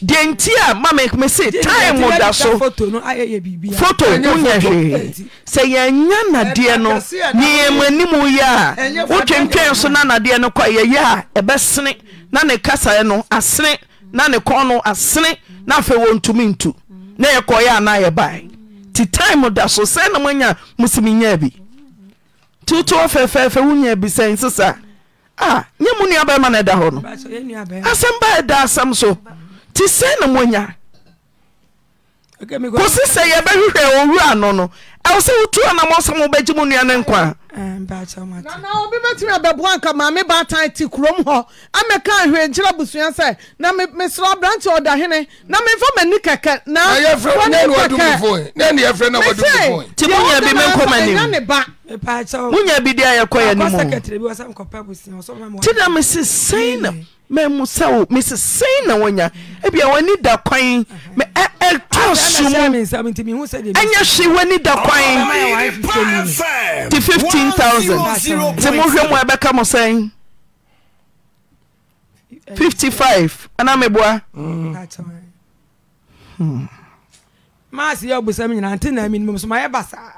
deɛ nti a mamese time da so foto wonyɛ hwee sɛ yɛanya nadeɛ no neyɛma anim yɛ a wotwentwɛn so na nadeɛ no kɔ yɛyɛ a ɛbɛsene na ne kasaeɛ no asene na ne kɔn no asene na afei wɔntumi ntu na yɛkɔyɛ anayɛbae nti time da so sɛ na moanya musiminyaa bi ntiwoto wɔ fɛfɛɛfɛ wonya bi sɛn sesa Ah, nyɛ mu nnuabɛrima no ɛda hɔ no asɛm ba ɛda asɛm so nti sɛn na moanya kosi sɛ yɛbɛhwehwɛ owura no no ɛwɔ sɛ wotu anam ɔsɛm wobɛgye mu nnua no nkwa eh, nana obi bɛtumi abɛboa nka maame baatan te kurom hɔ amɛka ahwenkyerɛ abusua sɛ na mesrɛ aberante ɔda hene na memfa m'ani kɛkɛ na wɔne kɛkɛ ne ba wonya bi de a yɛkɔyɛ no muti na mese sɛn na mamu sɛ wo mese sɛn na wonya ebia w'ani da kwan ɛtɔ so mu ɛnyɛ hwe w'ani da kwan te 15000 nti mohwɛ mu ɛbɛka mo sɛn 55 ana meboa hmm. maase yɛ ɔbosɛm nyinaa nte na mi nomsom ayɛ basaa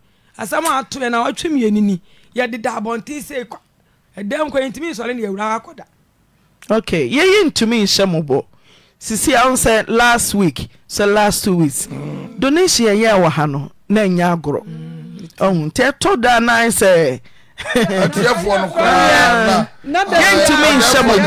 asɛm ato yɛ na watwe mmienu ni yɛdeda abɔnten sɛ kɔ ɛdɛn nkɔ yɛntumi nsɔre ne yɛwura akɔda ok yɛyi ntumi nhyɛ mo bɔ sisi ahụ sɛ last week sɛ last two weeks mm. donation yɛyɛ wɔ ha no na nya agorɔ ɔhu nti ɛtɔ da nan sɛ yɛntumi nhyɛ mo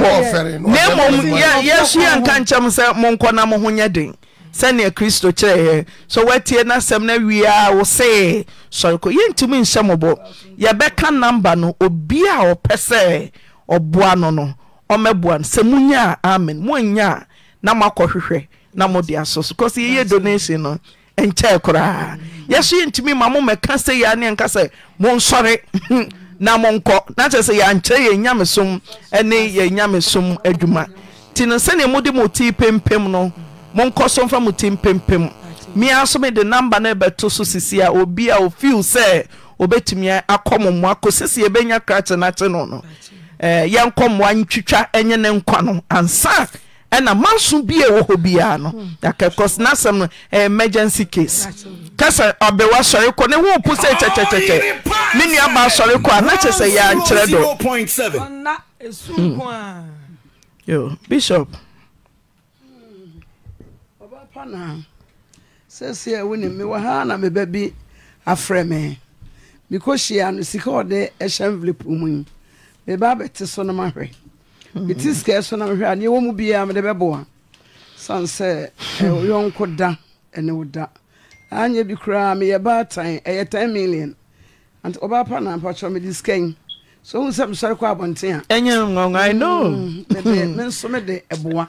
bɔ na mmom yɛso yɛnka nkyɛm sɛ monkɔ na mo ho nyɛ den sɛnea kristo kyerɛeɛ sɛ woatie no asɛm no wiea wo see sɔreko yɛntumi nhyɛ mɔbɔ yɛbɛka namba no obiaa ɔpɛ sɛ ɔboa no no ɔmɛboa no sɛ monyaa amen moanyaa na moakɔhwehwɛ na mode asɔ so cause yɛyɛ donation no nkyɛe koraa yɛso yɛntumi ma momɛka sɛ yia ne ɛnka sɛ monsɔre na monkɔ na kyɛr sɛ yɛankyerɛ yɛ nyamesom ne yɛ nyamesom adwuma nti no sɛnea mode mɔtii pempem no monkɔ so mfa mu ti mpempem mia so mede namba no ɛbɛto so sisi a obi a ofiw sɛ obɛtumi akɔ mo mmoa kɔsisi yɛbɛnya krakye no akye no no eh, yɛnkɔ mmoa ntwitwa ɛnyɛ ne nkwa no ansa ɛna manso bi a ɛwɔ hɔ biara no hmm. akɛkɔs n'asɛm no eh, emergency case kasa ɔbɛwa sɔre kɔ ne wɔɔpo sɛ ah, kyɛkyɛkyɛkyɛ me nua ba sɔre kɔ a na kyɛ sɛ yɛ ankyerɛ do hmm. bishop na sɛsi a wo ha na me bi afrɛ me mekɔ hyia no sika ɔde ɛhyɛ envelope mu yi meba abɛte so no mahwɛ mhm. mete sika so no mahwɛ a neɛ mu biara mede bɛboa san sɛ eh, yɔnko da ɛne wo da anyɛ bi koraa meyɛ baatan ɛyɛ 10 million nti ɔbaa pa na mede sika yi so hu sɛ mesɔre kɔ abɔnten a ɛnyɛ ngɔngɔ i know mm, me nso mede ɛboa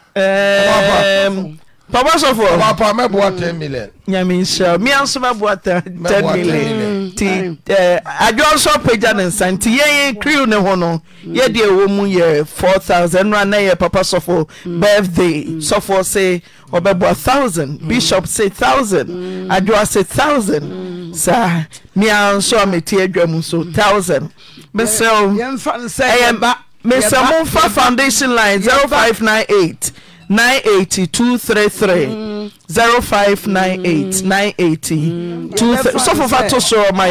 papa sɔfo. papa mɛboa ten million. nyame nhyɛ mi anso mɛboa ten million ti ɛɛ adwo nso apagya ne nsa nti yɛn yɛn kiriw ne ho no yɛde ɛwɔ mu yɛ four thousand nura na yɛ papa sɔfo mm. birthday mm. sɔfo se ɔbɛboa thousand mm. bishop se thousand adwoa se thousand saa mi anso a mɛti adwa mu so thousand mesrɛw ɛyɛ mesrɛw mo nfa foundation line zero five nine eight nine eighty two three three mm. zero five nine eight mm. nine eighty two three sọfọfà tó so ọmọ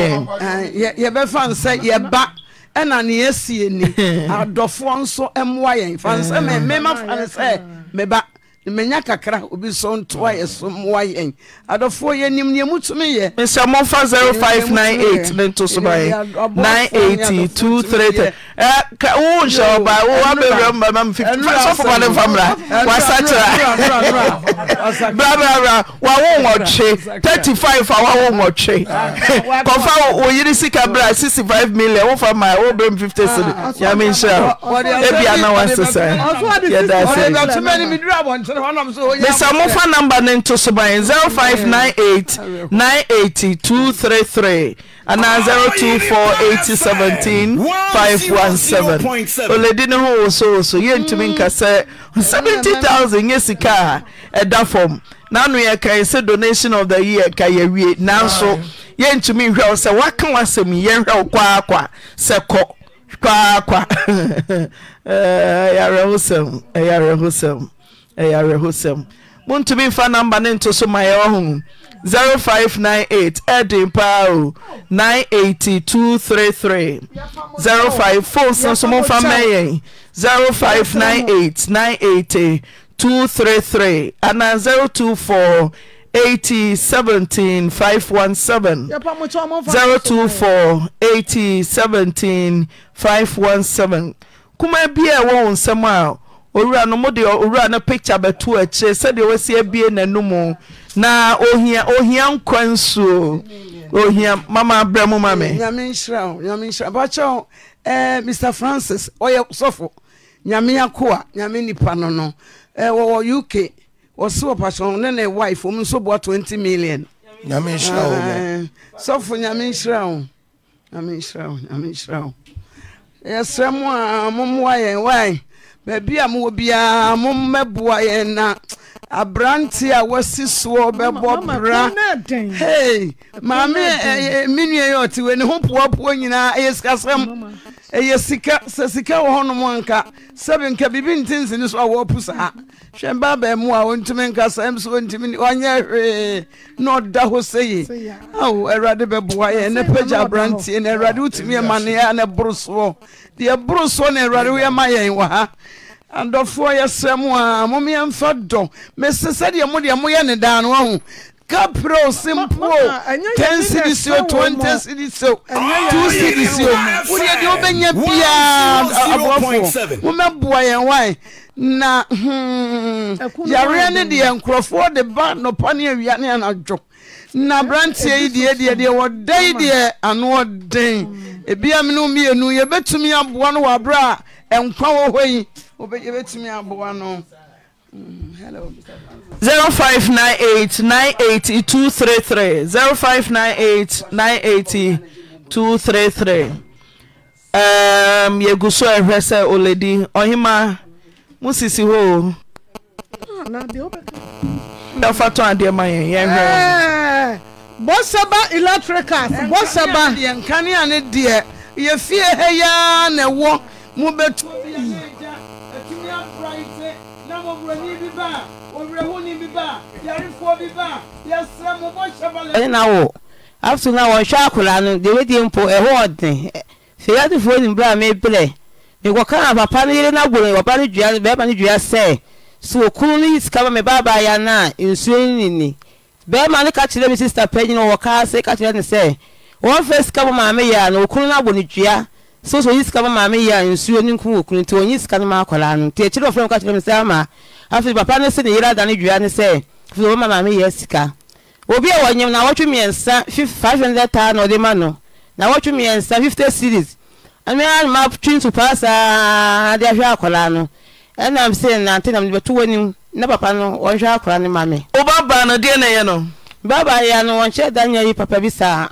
yẹn. yẹ bẹ fa nsẹ yẹ ba ɛna ne si sie ni adɔfoɔ nso mmoa yɛn fa nsɛ mɛ ma fa nsɛ mɛ ba mmenya kakra obi so ntoa yɛ so mmoa yɛn adɔfoɔ yɛnim neɛ mutumi yɛ mesɛ momfa 0598 ne nto so baɛ 9823 wo nhyɛ ɔba woabɛwura mbama mfsɔfo ma ne mfa mmra wasakyera brabra wawo nwɔtwe 35 a wawo nwɔtwe kɔfa wo yere sika bra 65 million wofa ma wobrɛm 50 cedi nyame nhyira ho ebia na wasesa yɛda se. mɛsɛ mofa number no ntoso mai 0598980233 anaa 024817517 olɛdi ne ho wo so wo so yɛntumi nka sɛ 70000 yɛ sika a ɛdafam na ano yɛkae sɛ donation of the yea kayɛwie nanso yɛntumi nhwɛw sɛ woaka wasɛm yi yɛnhwɛw kwaakwa sɛ kɔ kwaa kwa yɛ ɔsɛmmontumi mfa namba ne nto so ma yɛ wɔ ho 058 adin paa o 80233 05 fo nsonsomomfa mɛyɛn 0588233 anaa 024 87 517 02487 517 koma biaa wɔ wo nsɛm a owura no de owura no picture bɛto akyirɛ sɛdeɛ wɔasi abie n'anomu na ohia ohia nkwa nsuo ohia mama brɛ mo ma me nyame nhyira wo nyame nhyira bakyɛ eh, mr francis ɔyɛ sɔfo nyame akoa nyame nipa no no eh, wɔwɔ uk wɔse wɔpakyɛ ne ne wife ɔm nso boa 20 million nyame nhyira wo eh, sɔfo nyame nhyira wo nyame nhyira wo nyame nhyira wo yɛsrɛ mo a mommoa yɛn wae baabi a mowɔ biara mommɛboa yɛn na aberante a wasi soɔ bɛbɔ bra hei maame eh, eh, me nua yɛ ɔte wei ne ho poapoa nyinaa ɛyɛ sikasɛm ɛyɛ sika sɛ sika wɔ hɔnom nka sɛbi nka biribi ntinsi ne so a wɔpu saa hwɛ mba baamu a ɔntumi nka sɛm so ɔntumi ɔnyɛ hwee na ɔda hɔ sɛ ye ao awurade bɛboa yɛ ne pagya aberanteɛ no awurade wotumi ɛma ne a ne boro soɔ deɛ boro soɔ ne awurade woɛma yɛn wɔ ha adɔfoɔ yɛsrɛ m a momeɛmfa dɔ mese sɛdeɛ mo deɛ moyɛ ne daa ne aho kaprɛo simpoo 10 c sodeɛ deɛ wobɛnya biaa abofoɔ momɛboa yɛn wa nayaereɛ hmm, ne deɛ nkurɔfoɔ de ba nnɔpane awia ne anadwo na aberanteɛ yi deɛ deɛ deɛ wɔda yi deɛ ano ɔden ebia mino mmienu yɛbɛtumi aboa no wɔ abere a nkwa wɔ hɔ yi yɛbɛtumi aboa no. Mm, zero five nine eight nine eighty two three three zero five nine eight nine eighty two three three um, yɛgu so ɛhwɛ sɛ oledi ɔhema mo hɔ o. Ah, da fa tɔn adeɛ ma yɛn yɛn hwɛ. bɔsɛba electricals bɔsɛba. yɛn ne deɛ yɛ fie ha yaa na ɛwɔ mu bɛtu. wo eh, na no deɛ wɔdi mpo ɛhɔ ɔden a mebrɛ mekɔka papa no yere no agboro papa no dua bɛrima no dua sɛ okunu no yi sika ma me baabaaeɛ no a nsuo no nini bɛrima no ka kyerɛ me sista pɛ nyina wɔ kaa se ka kyerɛ ne sɛ wɔmfɛ sika ma maame yɛ a na okunu no abɔ ne dua so so oyi sika ma maame yɛ a nsuo no nkum okunu nti onyi sika no ma akwaraa no nti akyire ɔfrɛ mu ka kyerɛ me sɛ ama afei papa no se ne yere ada ne dua ne sɛ afei wɔma maame yɛ sika obi a wɔnyam na wɔtwe mmiɛnsa five hundred taa na ɔde ma no na wɔtwe mmiɛnsa fifty series ɛnua ma twi nsu saa de ahwɛ akwaraa no ɛnam sɛ nante nam de bɛto w'anim na papa no ɔnhwɛ akora ne ma me woba baa no deɛ na ɛyɛ no baba yɛ no wɔnkyerɛ da nya yi papa bi saa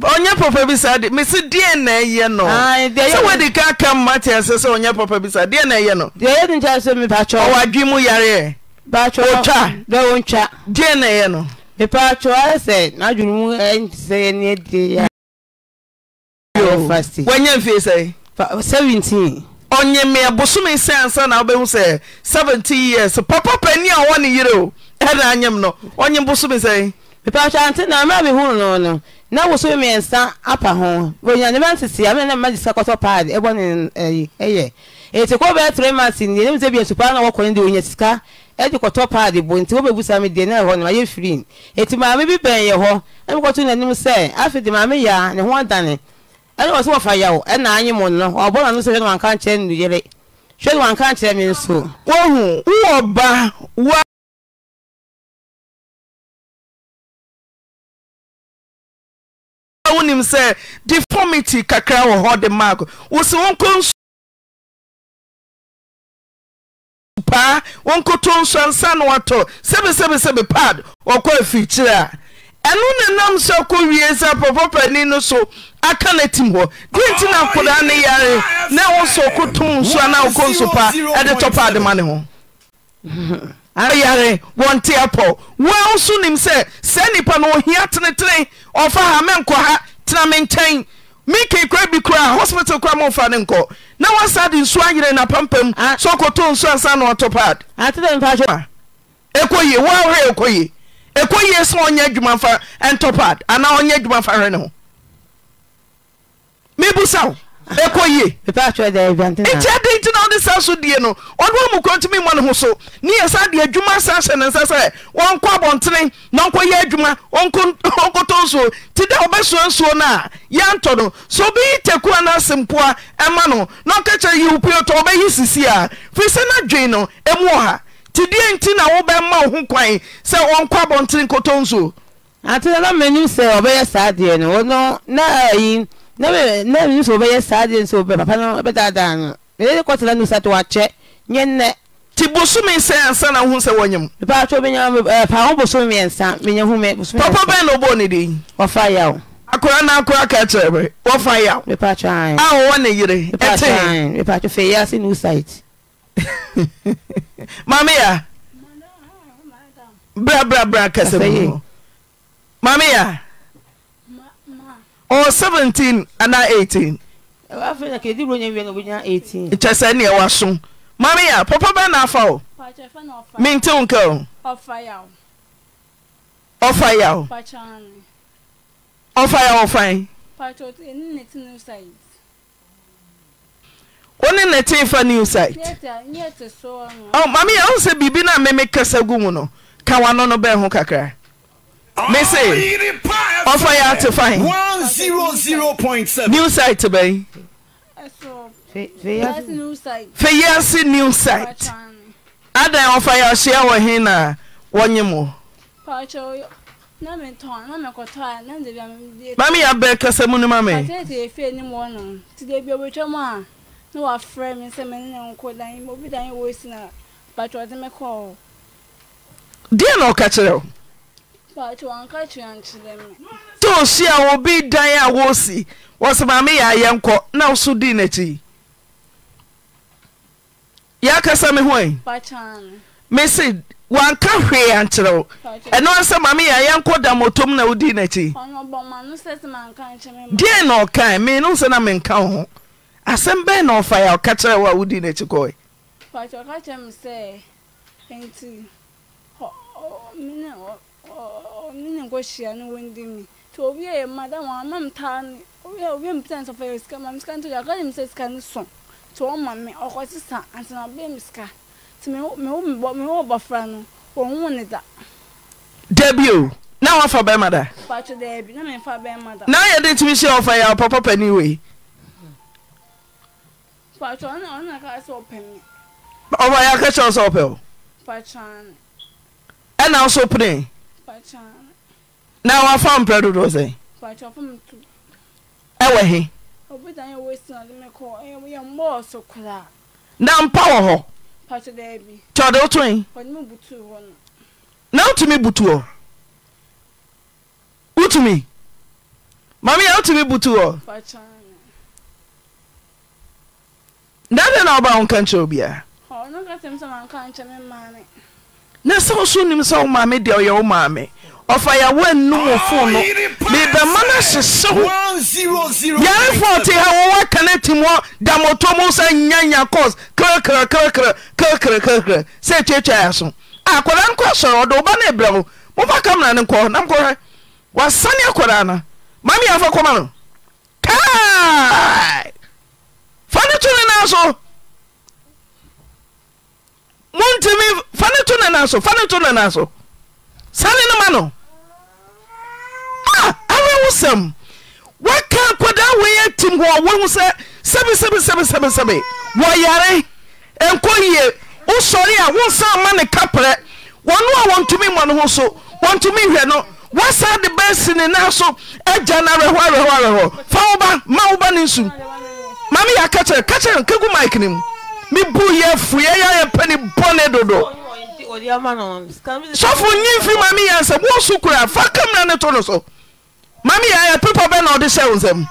ɔnyɛ papa bi saa de mesi deɛ na ɛyɛ no sɛ wode ka ka mmate ɛsɛ sɛ ɔnyɛ papa bi saa deɛ na ɛyɛ no deɛ ɛyɛ no nkyɛ sɛ mepakyɔ ɔwɔ adwe mu yareɛ bakyɔtwa dɛ wɔntwa deɛ na ɛyɛ no mepakyɔ ayɛ sɛ n'adwene mu ɛnti sɛ ɛne adie yɛ wanya mfie sɛ 17 ɔnyemea bosome sɛ ansa na wobɛhu sɛ 70 years papa pani a ɔwɔ ne yere m nọ. anyem no ɔnye bosome sɛ na mmerɛ mehu no no na wosome mmiɛnsa apa a mena magye sika kɔtɔ paad na ne ɛyɛ ɛti kɔ bɛyɛ tre months ni ɛnim sɛ na wɔkɔ no deɛ ɔnya sika ɛde kɔtɔ paade bo nti wobɛbu sa me deɛ na ɛhɔ no ayɛ firin ɛti e maame bi bɛn yɛ hɔ ɛmekɔto e n'anim sɛ afei de maame yɛ a ɛna wɔ sɛ wɔfa yaw ɛna anye mu no ɔbɔ na no sɛ hwɛ no wanka nkyerɛ no yere hwɛ no wanka nkyerɛ me nso wohu wowɔ ba wa wonim sɛ deformity kakra wɔ hɔ de mark wo sɛ wonkɔ nsu paa wonkɔto nsu ansa na watɔ sɛbesɛbesɛbe pad ɔkɔ afikyire a ɛno ne nam sɛ kɔ wie sɛ pɔpɔ pani no so aka no tim hɔ deɛ nti na nkodaa ne yare na ɛwo so kotom nso ana wokɔ nso pa ɛde e tɔpa ade ma ne ho ayare wɔnte apɔ woa nso nim sɛ sɛ nnipa no ɔhia tenetene ɔfa ha menkɔ ha tena me nkyɛn meke kora bi koraa hospital kora momfa ne nkɔ na woasa de nsuo ayere napampam ah. sɛ ɔkɔtɔ nsuo ansa na ɔtɔ paad ɛkɔ ye woawerɛ ɛkɔ ye ɛkɔ yie sɛ ɔnyɛ adwuma fa ɛntɔpad anaa ɔnyɛ adwuma fa hwɛ ne ho mebu sa wo ɛkɔ yie nti adɛn nti na ɔde saa so die no ɔde wɔ mu kuro ntumi mmɔ ne ho so ne yɛ saa de adwuma sa hyɛ ne nsa sɛ wɔnkɔ abɔntene na ɔnkɔyɛ adwuma ɔnkɔtɔ nsuo nti dɛ ɔbɛsoa nsuo no a yɛantɔ no sɛ ɔbɛyi taku anaa sempoa ɛma no na ɔka kyerɛ yiwopio tɔ ɔbɛyi sisi a firi sɛ no adwene no ɛmu ɔha tideɛ nti na wobɛma wo ho kwan sɛ ɔnkɔ abɔntere nkotɔ nsuo atena na m'anim sɛ ɔbɛyɛ saa deɛ no ɔno na ayi na na m'anim sɛ ɔbɛyɛ saa deɛ nso ɔbɛ papa no ɔbɛdaadaa no mede kɔtena no sa to wakyɛ nyɛ nnɛ ti bosome nsɛn ansa na eh, ho sɛ wɔnyam mepa atwo menya ɛɛ pa ho bosome mmiɛnsa menya ho mɛ bosome mmiɛnsa papa bɛn na ɔbɔ ne din wɔfa yaw akora na akora ka kyerɛ me wɔfa yaw mepa atwo an a wɔwɔ ne yere ɛte mepa atwo fɛ yɛ ase site mame ya berabrabera kɛsɛ m mameya ɔr 17 ana 18 nkyɛ sɛ nea ɛwɔaso mame ya pɔpɔ mɛ na afawo mentew kɛo ɔfa yao ɔfa ya ɔfan wone ne tee fa new site mame yɛ wo sɛ biribi no a meme kasa gu mu no ka wano no bɛn ho kakra oh, me se ɔfa yɛ ate fae new site bɛn fɛ yi ase new site adan ɔfa yɛ ɔhyea wɔ he na wɔnye mo mame yɛ abɛ kasa mu no ma me deɛ na ɔka kyerɛ wo tosi a wobi dan a wɔsi wosɛma me yɛ ayɛnkɔ na woso dii nakyi yɛakasa me ho mesi wanka hwee ankyerɛ wo ɛno asɛ ma me yɛ ayɛnkɔ da motom na wodii n'akyi deɛ na ɔkae meeno sɛ na menka wɔ ho asɛm bɛn na ɔfa yɛ ɔka kyerɛ wo a wodi n'akyi kɔe pakyɛ ɔka kyerɛ me sɛ nti mene nkɔhyia no wɔndi me nti obi a yɛ ma da wɔn ama mtaa ni obi a mpitan sɛ ɔfa yɛ sika ma me sika nto gya ɔka kyerɛ me sɛ sika no so nti ɔma me ɔkɔsesa anti na ɔbɛɛ me sika nti mewɔ bɔfra no ɔnwo ne da da bio na wafa bɛrima da pakyɛ daabi na mefa bɛrima da na yɛde tumi hyia ɔfa yɛ ɔpɔpɔ pani não, não na ka so open. Oh my god, catch us open. Spatron. não não so open. não Não, I found bread do say. Spatron from two. Ewe eu Obi dan eu estou na me ko. eu vou mo so kra. Na não wo ho. Spatron dey bi. Chode o não Oni mo butu ho não. Não, utumi butu ho. Utumi. Mami, não butu ho. Spatron. dada na woba wonka nkyerɛ obiaa na sɛ wo so nnim sɛ wo maame deɛ ɔyɛ wo maame ɔfa yɛwo anum wo fo no mebɛma no hyehyew yarefoɔ ɔte ha wɔwɔ kane tim hɔ damɔtɔ mu sa nya nya cos krɛkrɛkrɛkrɛkrɛkrɛkrɛkrɛ sɛ atwatwaeɛ so akɔda nkɔ asɔre ɔde woba no ɛbrɛ wo momfa kamna ne nkɔ na mkɔhwɛ wasane akɔdaa no maame kɔma no kaai fane to ne na so montimi fane to ne na so fane to ne na so sane no ma no awerɛwo sɛm woaka akɔdaa woyɛ atim hɔ wohu sɛ sɛbisɛbisɛbisɛbisɛbi wɔyare ɛnkɔ yie wosɔre a wonsa ma ne kaprɛ wɔno a wɔntumi mmɔ no ho so wɔntumi hwɛ no woasa de bɛasi ne e na so agya no awerɛhɔ awerɛhɔ awerɛhɔ fa wo ba ma wo ba ne nsu mameya katerɛkak kegu miknem me bu ye fo yɛyayɛ pani bɔne dodo sofo yifri mamyasɛ bo sokoraafa kamianeonso mameyappo bɛ na odesɛosm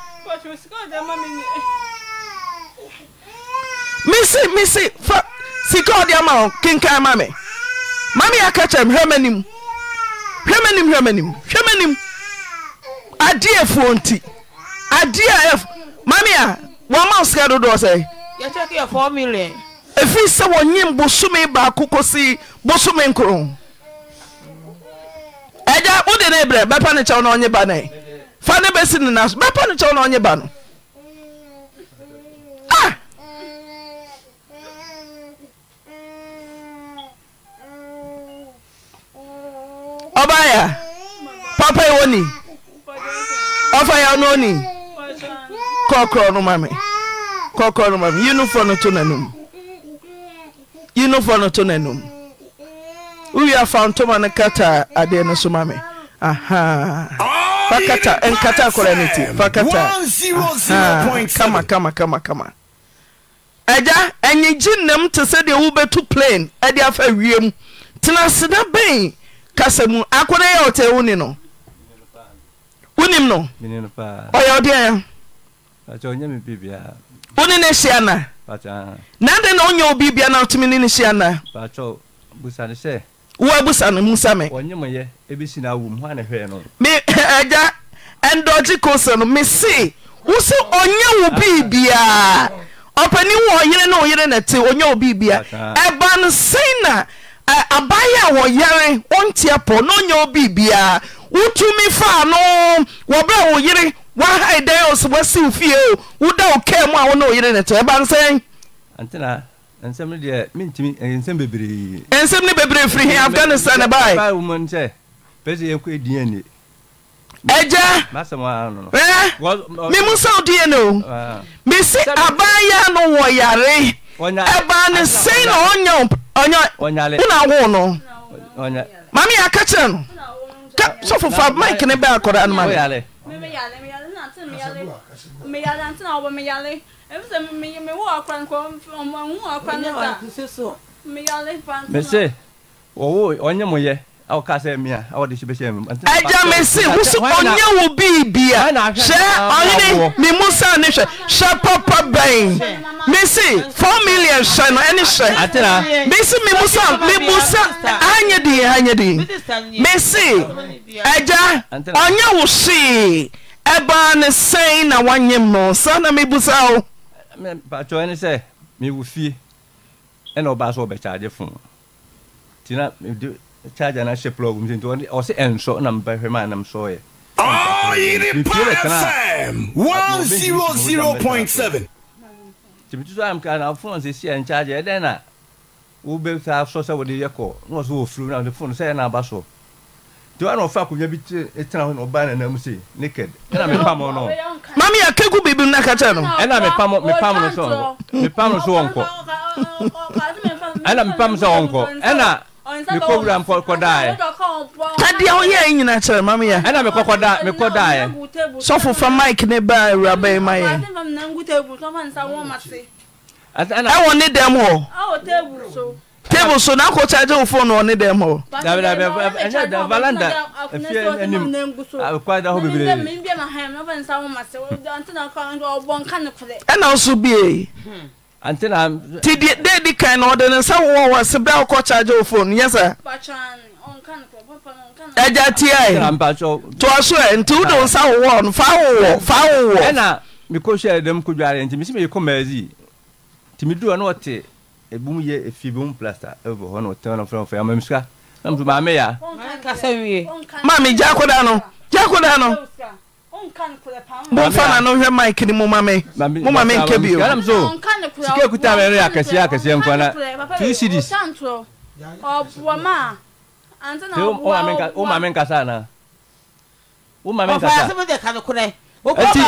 sika damakk mmyaaf wɔma sika dodoɔ efi ɛfiri sɛ wɔnyim bosome baako kɔsi bosome nkoro ɛgya wode ne berɛ bɛpa no kyɛw na ɔnye ba ne fa ne bɛsi ne naso bɛpa no kyɛw na ɔnye ba no ɔbaya ah! papa yi e wɔ ni ɔfa ya no ni kɔkɔɔ no mami, me no mami. me yinofɔ no to n'anum yinofɔ no to n'anum wowia fa ntoma no kata adeɛ no so ma me aha fakata nkata akɔra ne ti fakata kama kama kama kama agya anyigye nam te sɛ deɛ wobɛtu plane ɛde afa wiem tena sena bɛn kasa mu akɔda yɛ ɔtɛ wo ni no wonim no ɔyɛ ɔdeɛ wone ne hyia na na dɛn na wonya obi bia na wotumi ne ne hyia na wo abusa no musa me agya ɛndɔgye kosa no mese wo sɛ ɔnyɛ wo biribiaa ɔpani wo ɔyere ne ɔyere na te ɔnyɛ wo biribia ɛba no sɛn na abayɛ a wɔyare wɔnteɛ pɔ na ɔnyɛ wo biribiaa wotumi faa no wɔberɛ wo yere woahae dɛn ɔs woasiw fie o woda wo kaa mu a wo eh? uh, uh, ne woyere ne tɛ ɛba nsɛn nsɛm no deɛ mentimi nsɛm bebree nsɛm no bebree firi he afghanistan ne bae wom sɛ pɛ sɛ yɛnkɔ ɛdin ani ɛgya memu sɛ wodeɛ no o mesi abaayɛ no wɔ yare ɛbaa ne sɛi na ɔnyɛ ɔnyɛ wona wo no mame yɛaka kyerɛ no sɛ fofa mike ne bɛ akɔda no ma sɛ meyale meyale ante na wɔbɔ meyale ebi sɛ mewɔ akora nkɔ ɔmo ɔmo akora ne ta meyale pante me mese wɔwo ɔnyɛ mo yɛ awo kaa sɛ mia awo de si bɛ se mi. ɛja mi si wusu ɔnyɛ wo bii bia hyɛ ɔnyini mi musa ni she. She, papa Ben. mi si four million hyɛ no she. hyɛ mi si mi musa mi musa anyadi anyadi mi si ɛja ɔnyɛ wo see ɛbaa ne sɛn na wanyem no saa na mebusa wo patwɔ ɛne sɛ mewo fie ɛna ɔbaa sɛ ɔbɛkyaagye fo nti na charge no hyɛ plug mu nti ɔse ɛnsɔ na mbɛhwɛ ma nam sɔɔyɛ Oyiripa FM 100.7 nti metu so e. amka na fone sɛ si ɛnkyagye ɛdɛn e na wobɛsa sɔ sɛ wode yɛkɔ na ɔsɛ wɔfiri na wode fone sɛ ɛna aba sɔ tí wọn fa akonnwa bi tena hɔ na ɔbaa nana mu se naked ɛna mi pam ɔnɔ. maami yà kéku bèbí mu n'akatsɛ no. ɛna mi pam mi pam no so ɔnkɔ mi pam no so ɔnkɔ ɛna mi pam so ɔnkɔ ɛna mi kɔ wura mpɔ kɔ daa yɛ. tadeɛ ɔyɛ yɛ nyina kyerɛ maami yà. ɛna mi kɔ kɔ mi kɔ daa yɛ. sɔfo fa mic ne ba awuraba yi ma yɛ. ɛwɔ ne dɛm hɔ. ɛwɔ table so na akɔ charge wo phone ɔne dɛm hɔ ɛna wo so bie nti dɛ di kan na ɔde ne nsa wowɔ wɔ se berɛ a wokɔ charge wo phone nyɛ sɛ ɛgya tiae toa so ɛ nti wode nsa wowɔ no fa wowɔ fa wowɔ ɛna mekɔ hyɛ dɛm kɔdware nti mesi meyɛkɔ maazi nti meduru ɔ ne ɔte ebi mu yɛ efi bi mu plasta ɛwɔ hɔ na ɔtɛn na fɛn fɛn ama mi sika na mu so maame ya. maame gya akoda no gya akoda no. bɔnfa na no hwɛ mic ni mu maame mu maame nke bi o. sika ekuta mi yɛrɛ akɛseɛ akɛseɛ nkwa na two cds. ɔbuama anti na ɔbuama o maame nkasa na. o maame nkasa. ɔfɔ yasemu de kanu kurɛ nti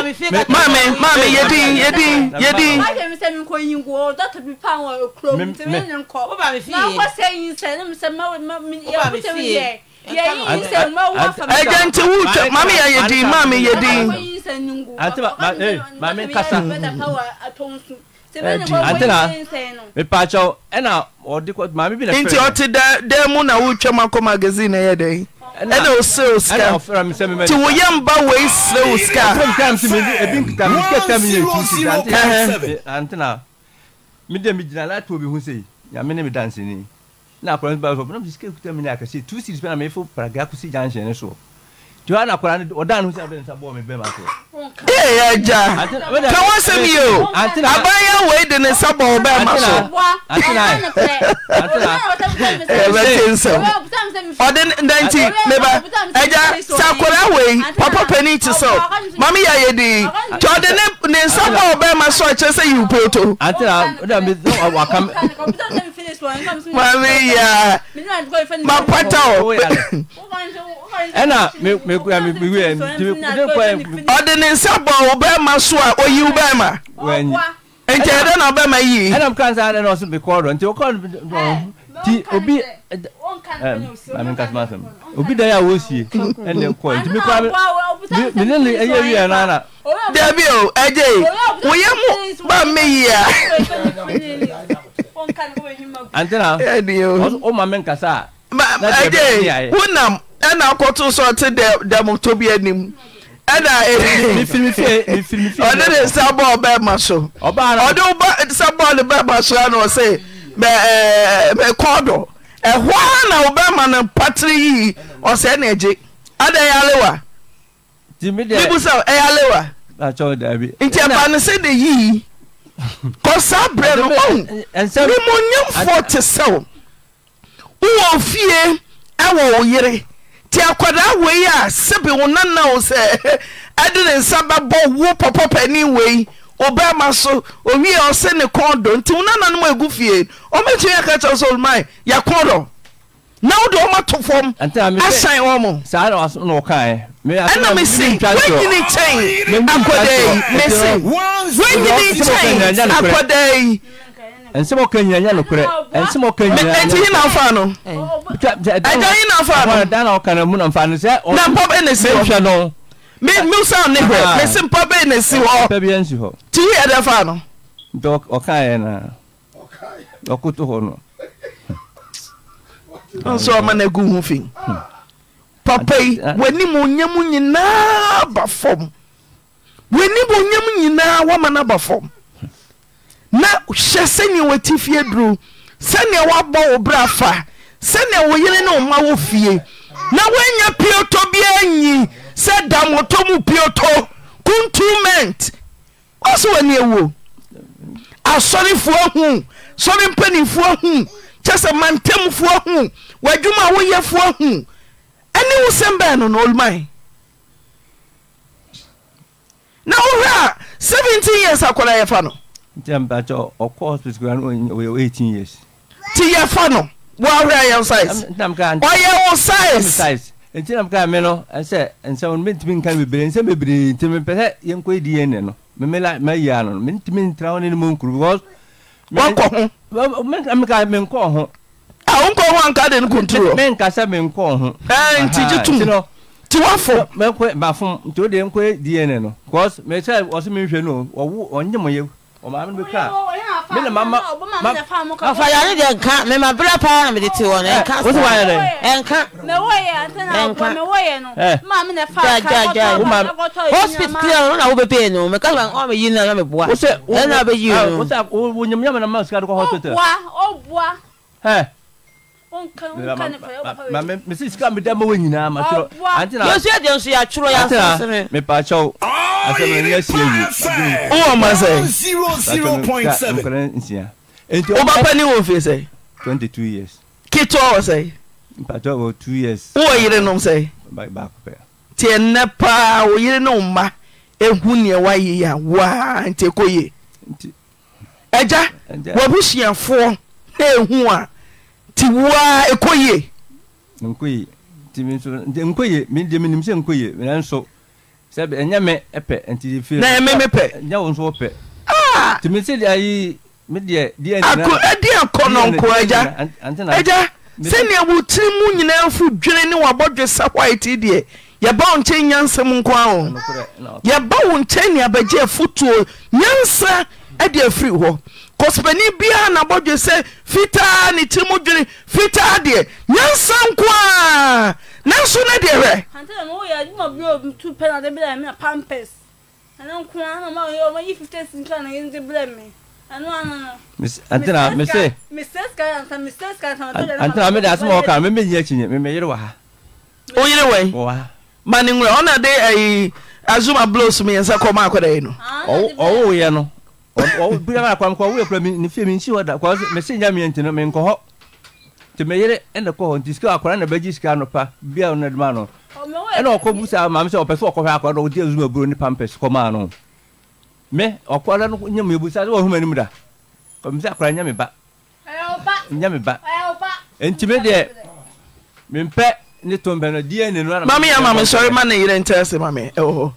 maame maame yedin yedin yedin. wáyé mi sẹ́ mi kò yin wo dọ́tà mi pa àwọn kuro mi tẹ̀mí ní nkọ́. wọ́n bá mi fi yé. náà wọ́n sẹ́ yin sẹ́ ní mi sẹ́ mi yẹ kó tẹ̀mí yẹ. yẹ yin sẹ́ mọ́ wọ́n fẹ́ mi. ẹ̀jẹ̀ ntí wù tẹ maame yẹ yedin maame yedin. àti ma ee maame kasa. ante na mipakyɛw ɛna ɔde maame bi na fɛ. nti ɔte dɛ dɛ mu na wotwa mu akɔ magazine na ɛyɛ dɛ ɛna ah. ɔsrɛ wo sika nti wo yɛ mba wei srɛ wo sika mede me gyina lati obi ho sei nyame ne me danseni na akɔrɔ no ba sɔ na mesika kuta me ne akɛse two series pɛ na mefo paragrafo si junction ne soɔ tiwọn akwara ni ọdan ni sẹbi nsa bọ mi bẹẹ ma sọ. ee yẹ ja ka wọn sẹ mi o abayẹ wo de ne nsa bọ bẹẹ ma sọ. antina yi antina ẹ bẹ ti nsẹm ọdi ndanti mẹba ẹja sakura wei papa pẹni ti sọ mami yà yẹ di tí ọdi ne nsa bọ bẹẹ ma sọ ẹ kyerẹ sẹ yìí pọtọ. antina ọdi mi wà kàn maame ya mapata o ɛna mekuya mekuya ɔde ne nsa bɔ wo bɛrima so a oyi wo bɛrima nti ɛdɛ na ma yi. ɛna muka nsa ɛna ɔsɛ mekɔ ɔdɔ nti ɔkɔ ɔdɔ ti obi maame nkasoma asɛm obi da yɛ a wɔsie ɛna ɛkɔ nti mekɔ mi ne ne ɛyɛ wia nana. dabi o ɛgye woyɛ mu ba mmeyia. ɛgye wonam ɛna akɔto so ɔte dɛmotɔ bi anim ɛnaɔde ne sa bɔɔl bɛma so ɔde sa bɔɔl bɛma so ana ɔse mɛkɔdɔ ɛhɔ a na wobɛma no patere yii ɔsɛ ne agye ada ɛyɛ alewa bibu sɛ ɛyɛ alewa nti ɛba eh, ne sɛ de yii kɔsaa berɛ no ɔhu oh, eh, eh, nemonyamfoɔ te wowɔ fie ɛwɔ wo yere nti akwadaa wei a sɛbi wo nana wo sɛ ɛde ne nsa bɛbɔ wo pɔpɔ panin wei so owie ɔse ne kɔn nti wo nana no m agu fie ɔmɛtumi aka kyɛw sɛ oluma yɛkɔ dɔ na wode ɔma to fam asan wɔ moɛna mese woanyini nkyɛn akɔdai mese woanyini nkyɛn akɔdai nsɛm ɔka nyina nya nokorɛ nsɛm ɔka nyinaɛnti hena mfa no agya hena mfa no ɔka no mu na mfa no sɛ na mpɔ bɛ ne si hɔ no mesan ne hɔ ah. mese mpɔ bɛ ne si hɔ pɛ bi ansi hɔ ti hi ɛdɛ fa no nti ɔkaeɛ na ɔkoto hɔ no so ɔma no agu ho fi papɛi wanim hmm. oyam nyinaa ba fɔm wanim onyam nyinaa woama no ba fɔm na hyɛ sɛnea wɔatifie duro sɛnea woabɔ wo bera fa sɛnea wɔ yere ne ɔ mma wɔ fie na woanya piotɔ biaanyi sɛ da mɔtɔ mu piotɔ kuntment wɔ sɛ wane awuo asɔnefoɔ ahu sɔre mpanimfoɔ ahuu kyɛ sɛ mantamfoɔ hu w'adwuma a woyɛfoɔ hu ɛne wo sɛm bɛɛ no no ɔluma na wohwɛ a 17 years akɔda yɛfa no nti yɛfa no woahwɛ yɛn size ɔyɛ wo size nti nam kaa me no sɛ nsɛm no mentumi nka no bebree nsɛm bebree nti mepɛ sɛ yɛnkɔ yɛdi yɛn nɛ e no memela mayi ano no mentumi ntra wo ne no mu nkuru because wakɔ ho. mika mi nkɔ ho. a o nkɔ ho anka de ne kuntu rɔ. mi nka sɛ mi nkɔ ho. ɛɛ nti ji tum ti wa fɔ. mɛ ko bafun nti o de nkɔ dna no cause mɛ sɛ ɔsi mi nhwɛ no ɔwu ɔnye mo ye ɔmaami bi ka mena mama afa yare de nka me ma bra pa me de ti won eh, nka wo nka me wo ye antena ko me wo no eh. ma me na fa ka ja ma na wo be pe no me na wo se na be no wo se wo nyam nyam na ma ska ko hospital wa o boa he eh mesi sika meda ma wɔnyinaa matwerɛyesu ade nso yɛatwerɛ yɛ asasere zero asɛmnya sie wowɔma sɛ nsia wobapa ne wɔ mfie sɛ 22 years ketewa wɔ sɛ mpakyɛw wɔ two years wowɔ yere nom sɛ nti ɛnɛ paa wo yere ne wo mma ɛhu neɛ woayɛ yɛ a waa nti ɛkɔ ye agya wabusuafoɔ na ɛhu a nti woa ɛkɔ yie nkɔye nti mi nso nkɔye mi deɛ mi nim sɛ nkɔye nanso sɛbi ɛnyɛ mi ɛpɛ nti fi. na ɛmɛ mi pɛ. ɛnyɛ wɔn nso wɔpɛ. aa ah! ti mi se de ayi mi deɛ deɛ nyina. ako ɛdi akɔ na nko ɛgya ɛgya sɛnea tiri mu nyinaa fo dwene ne wabɔdwe sa white deɛ yɛba wo nkyɛn nyansɛm nko aho yɛba wo nkyɛn ne abɛgye afutuo nyansa ɛde afiri hɔ kɔsipani biara nabɔdwe sɛ fitaa ne tiri mu dwene fitaa deɛ nyansa nko a nanso no deɛ hwɛ antena mese antena mede asɛm wɔka me mɛyi akyinye memeyere wɔ ha woyere wɔ wɔ ma ne nwura ɔna de ayi azuma blos meyɛnsa kɔma akɔdɛ yi no ɔwowoyɛ ah, no bia ma kwam kwa wo kura mi ne fie mi nsi wada kwa me se nya mi enti no me nkɔ hɔ te me yere ɛna kɔ hɔ nti sika akwara na bɛgye sika no pa bia no de oh, ma no ɛna ɔkɔ busa maame sɛ ɔpɛ sɛ ɔkɔ hwɛ akwara na ɔde azuma buro ne pampers kɔmaa no me ɔkwara no nya mi ebusa sɛ ɔhum anim da kɔmi sɛ akwara nya mi ba nya mi ba enti me deɛ mempɛ ne tombɛ no dna no mame ya mame sɔre ma ne yere ntɛ oh. se mame ɛwɔ hɔ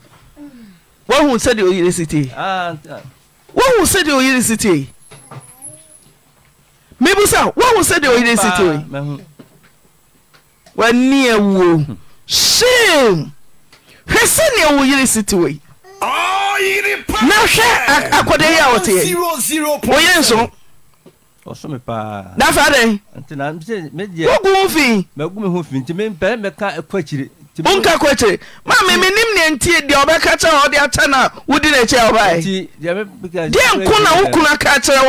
woahu sɛdeɛ oyere si ti wohu sɛdeɛ oyere si tie mebusa wohu sɛdeɛ oyere si tie w'ani awuo shame hwɛ sɛdeɛ wo yere si tie na hwɛ akɔda yi a wɔteɛ woyere nso ɔsome paa na afa dɛn wogu ho fii wonka kɔkye ma memenim ne nti deɛ ɔbɛka kyerɛ ɔde akyɛ na wodi nakyi a wɔbae deɛ nko na wo kuna ka kyerɛ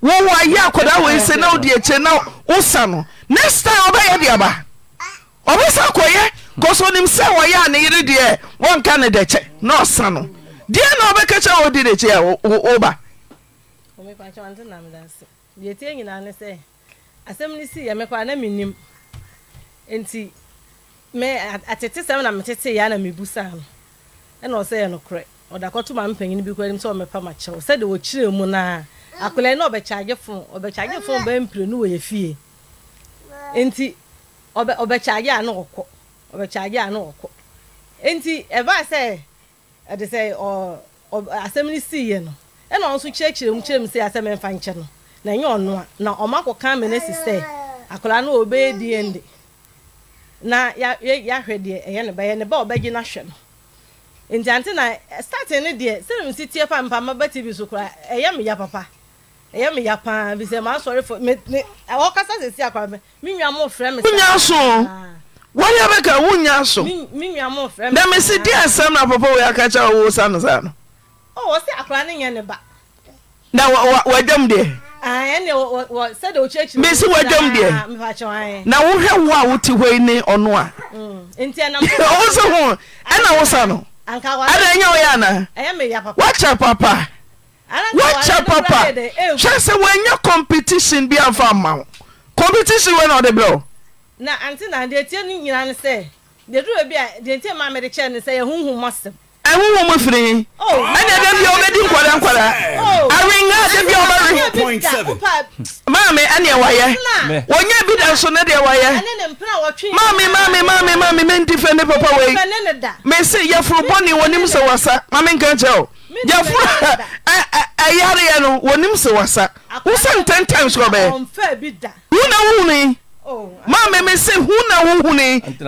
wo wɔwɔ ayɛ akɔda wɔise na wode na wosa no next time ɔbɛyɛ de aba ɔbɛsa kɔyɛ kɔ so nim sɛ wɔyɛ a ne yere deɛ wɔnka ne dɛkyɛ na ɔsa no deɛ na ɔbɛka kyerɛ wɔdi nakyi a woba asɛm no si yɛ mekɔ a na menim nti me atete sɛm na metete yɛ na mebusa no ɛna ɔsɛ yɛ nokorɛ ɔda kɔto ma mpanyin bi kɔ anim sɛ ɔmɛpa ma kyɛw sɛde wɔkyerɛ mu naa akwadaa no ɔbɛkyagye fon ɔbɛkyagye fon bɛn mpire no wɔ fie nti ɔbɛ ɔbɛkyagye ano ɔkɔ ɔbɛkyagye ano ɔkɔ nti ɛbaa sɛ ɛde sɛ ɔ ɔ asɛm no sii yɛ no ɛna ɔnso kyerɛkyerɛ mu kyerɛ mu sɛ asɛm ɛmfa nkyɛ no na ɛnyɛ ɔnoa na ɔma akɔ kan mɛ ne no ɔbɛyɛ die ndi. na yɛahwɛ deɛ ɛyɛ no bɛyɛ ne ba ɔbɛgye no ahwɛ no nti ante na eh, starting no deɛ sɛnem si tie fa mpama ba tv so kora ɛyɛ eh, me ya papa ɛyɛ eh, me ya paa bi sɛ maasɔre fo me ne ɔkasa sɛsi akora me me nwa mo frɛ me wonya so ah. wɔnyɛ bɛka wonya so me nwa mo frɛ me dɛ mesi di asɛm na papa wei aka kyɛ wo sa no saa no ɔwɔ oh, sɛ akora ne nyɛ ne ba na wɔadwam deɛ Ah, mesi w'adwam deɛ ah, na wohwɛ wo a wote hɔ yi ne ɔno a mm. wo so ho ɛna wo sa no ada ɛnyɛ woyɛ woakyɛ papa woakyɛ papa hwɛ sɛ woanya competition bi amfa wo competition na ɔde berɛ wo na ante na deɛ no nyinaa ne sɛ deɛ bi a deɛ ma mede kyɛɛ ne sɛ mɔsɛm hohom fin ndmioɛdi nkwaa nkwa ae a a n yɛ yɛ bidasdɛ a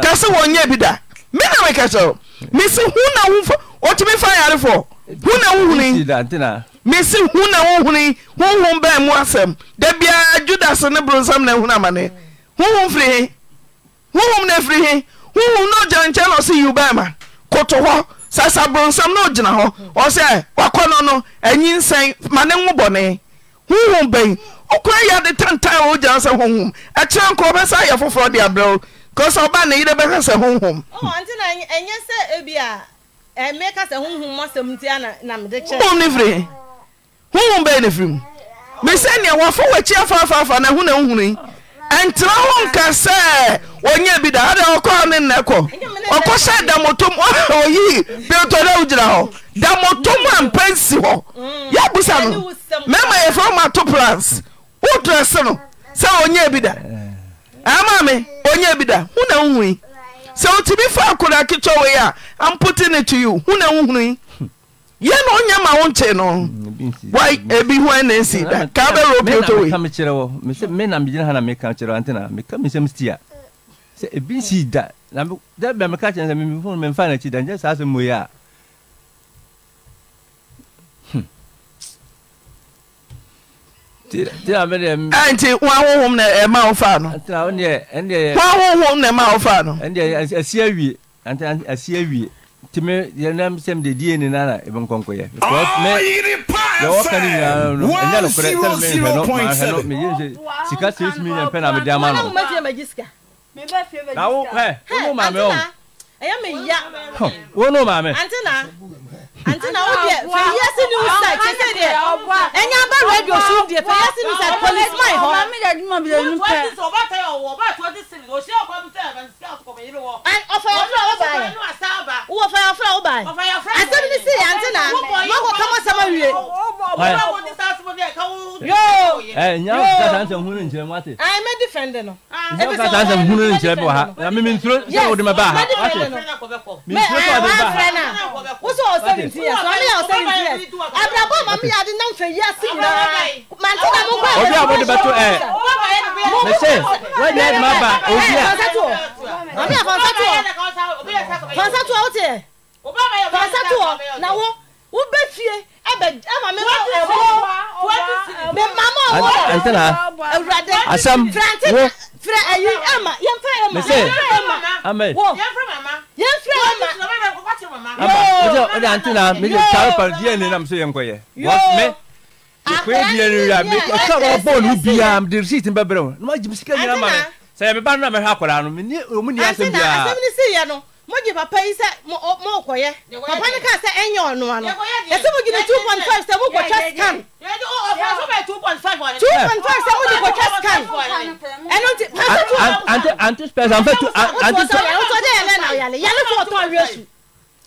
fɛe apaɛas0 ɔtumi fa yarefoɔ hu na wohuni mesi hu na wohuni honhom bɛn mu asɛm da judas ne boronsam na ahunu amane honhom firi he honhom na afiri he honhom na ɔgyina nkyɛn na ɔse yiw bɛn ma koto hɔ sasa boronsam na ɔgyina hɔ ɔsɛ wakɔ no no enyi nsɛn ma ne nwo bɔne honhom bɛn wokora yɛ ade tantan a ɔgyina sɛ honhom ɛkyerɛ nkɔ ɔbɛsa ayɛ foforɔ de abrɛ wo kɔ sɛ ɔba ne yere bɛhwɛ sɛ honhom fr hohu eh, ɛn frim mɛsene f kiɛ fffo neahoa sɛ ya bidanen ɔɛ damtooyirahɔ damtomapɛsi h ɛ sa fto plan wo se mm. no sɛ ɔya bi da ma ya ida sɛ wotumi fa akoda ketewa wei a I'm putting it to you hu na wohunu yi yɛ na ɔnyɛ ma wo nkye no hmm, why ebi ho ɛna nsi da ka bɛrɛ obi oto wei. mɛna kyerɛ wɔ mɛ mɛ na megyina ha na meka kyerɛ wɔ antena meka mi nsɛm stia sɛ ebi nsi da na dɛ bɛn meka kyerɛ sɛ mɛ mi fɔn mɛ nfa n'akyi da n jɛ saa sɛ mo yɛ a. nti wọn ahohom na ẹ ma ọfa no wọn ahohom na ẹ ma ọfa no. asi awie asi awie tìmí yẹn nam sẹm de die ni nana ebi nkonko yẹ. ọyiri paafẹ yọwọ kan ni nyinaa no ẹnyẹ no kọrẹ sẹni mi nfẹ no maa hẹ no mi yẹ nse sika six million pẹ na mi di ama no. na wo ẹ wọn n'o maame o. ẹ mi ya. wọn n'o maame anti na wo deɛ fɛ yɛ si ni wusa kyesɛ deɛ ɛnyɛ aba radio sun deɛ fɛ yɛ si ni wusa policeman hɔ. ɔba mi de di mi de ni pɛ. ɔba tɛ ɔwɔ ɔba tɔ ti sini o se ɔkɔ mi sɛ ɛfɛ sika ɔkɔ mi yiri wɔ. ɔfɛ yafura wo ba yɛ ɔfɛ yafura wo ba yɛ asɛm ni si yɛ anti na mɔkɔ kama sama wie. yoo ɛɛ nyɛ kasa danse hunu nkyɛn wate. ayi mɛ di fɛn de no. nyɛ kasa danse hunu nkyɛn bɔ ha mɛ mi nturo sɛ o de ma ba ha wate mi nturo sɛ o de ma ba ha wate ti yà sọ mi yà ọsẹ ti yà abrabọ ma mi yà di náà fẹ yà sí nyinaa mà n ti na mo gbọ àwọn ọmọ ọdún bàtú ẹ mẹ sẹ wọn yẹ ẹ má ba òbí à. mami à kọnsátù ọ kọnsátù ọ ó tiẹ kọnsátù ọ na wọ. e ssmea meek mns mogye papa yi sɛ mokɔyɛ papa no kaa sɛ ɛnyɛ ɔno ano ɛsɛ mogye no 2.5 sɛ wokɔtwa scan 2.5 sɛ wode kɔtwa scan ɛno nti ante spɛs amfɛwotɔde yɛlɛ na ɔyale yale fo ɔtɔ awerɛ su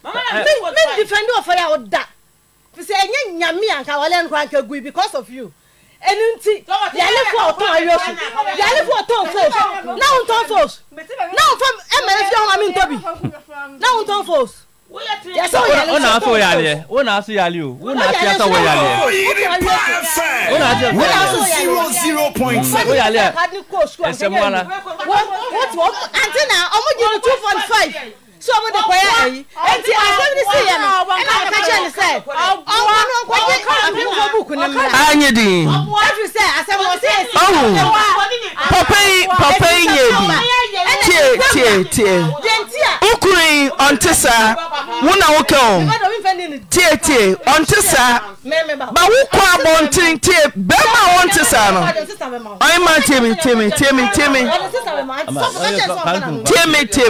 mendifɛnde ɔfɔre a woda sɛ ɛnyɛ nyame anka wɔlɛ no koranka gui because of you ẹni ntí yàlífọ ọtún ayọsùn yàlífọ ọtún fòs náà ń tán fòs náà fọ ẹ mẹrẹ fi ọmọ mi ń tóbi náà ń tán fòs. o na so yali yɛ o na so yali o o na tia sɔ o yali yɛ o na tia sɔ o yali yɛ o yali yɛ ɛsɛ mu ala. wọ́n ti wọ́n àǹtí náà ọmọ jẹ́ two point five. nye dppapai nyɛditiokor ɔnte saa wona woka tie tie ɔnte saa bawo kɔabɔnte tie bɛma wonte saa no ma t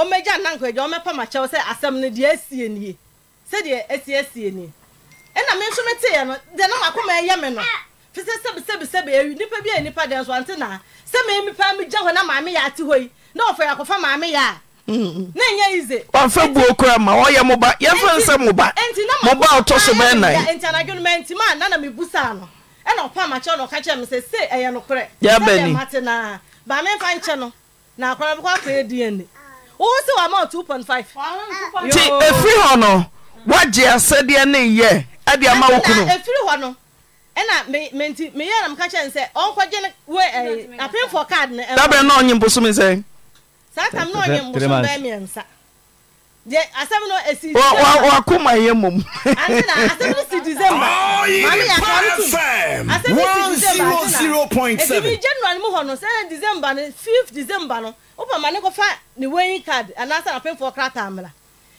ɔmɛgya nankwagya ɔmɛpa makyɛw sɛ asɛm no deɛ asie nie sɛdeɛ asi asie nie ɛna me nso meteɛ no deɛ na makoma ɛyɛ me no fi sɛ sɛbesɛbesɛbe ɛwi nnipa bi a nnipa dɛn so ante naa sɛ memi paa megya hɔ na maame yɛ ate hɔ yi na ɔfa yɛakɔfa maame yɛ a na ɛnyɛ yize wamfɛ buo kora ma ɔyɛ mo ba yɛmfɛ nsɛ mo ba mo ba ɔtɔ so bɛɛ nan nti anadwene ma nti ma na na mebu saa no ɛna ɔpa makyɛw na ɔka kyerɛ me sɛ se ɛyɛ nokorɛ yɛbɛni mate naa ba memfa nkyɛ no na akɔra bɛkɔ akɔyɛ dna wo sɛ wama two point five. nti efiri hɔ no wagye asɛdeɛ ne yɛ ɛde ama wo kunu. efiri hɔ no ɛna me me nti me yɛ na mo ka kyɛn sɛ ɔnkɔgye ne we ɛɛ apɛnfɔ kaadi ne. dabere naa ɔnye mbosom nsɛn. saa tam naa ɔnye mbosom bɛɛ mmiɛnsa deɛ asɛm no esi december wa wa kuma yɛ mom anena asɛm no si december maame yɛ akɔre tum asɛm si december anena ebibi january mu hɔ no sɛ december no fifth december no wopɛ ma ne kɔfa ne wedding card anaasɛ n'apɛnfoɔ krataa mla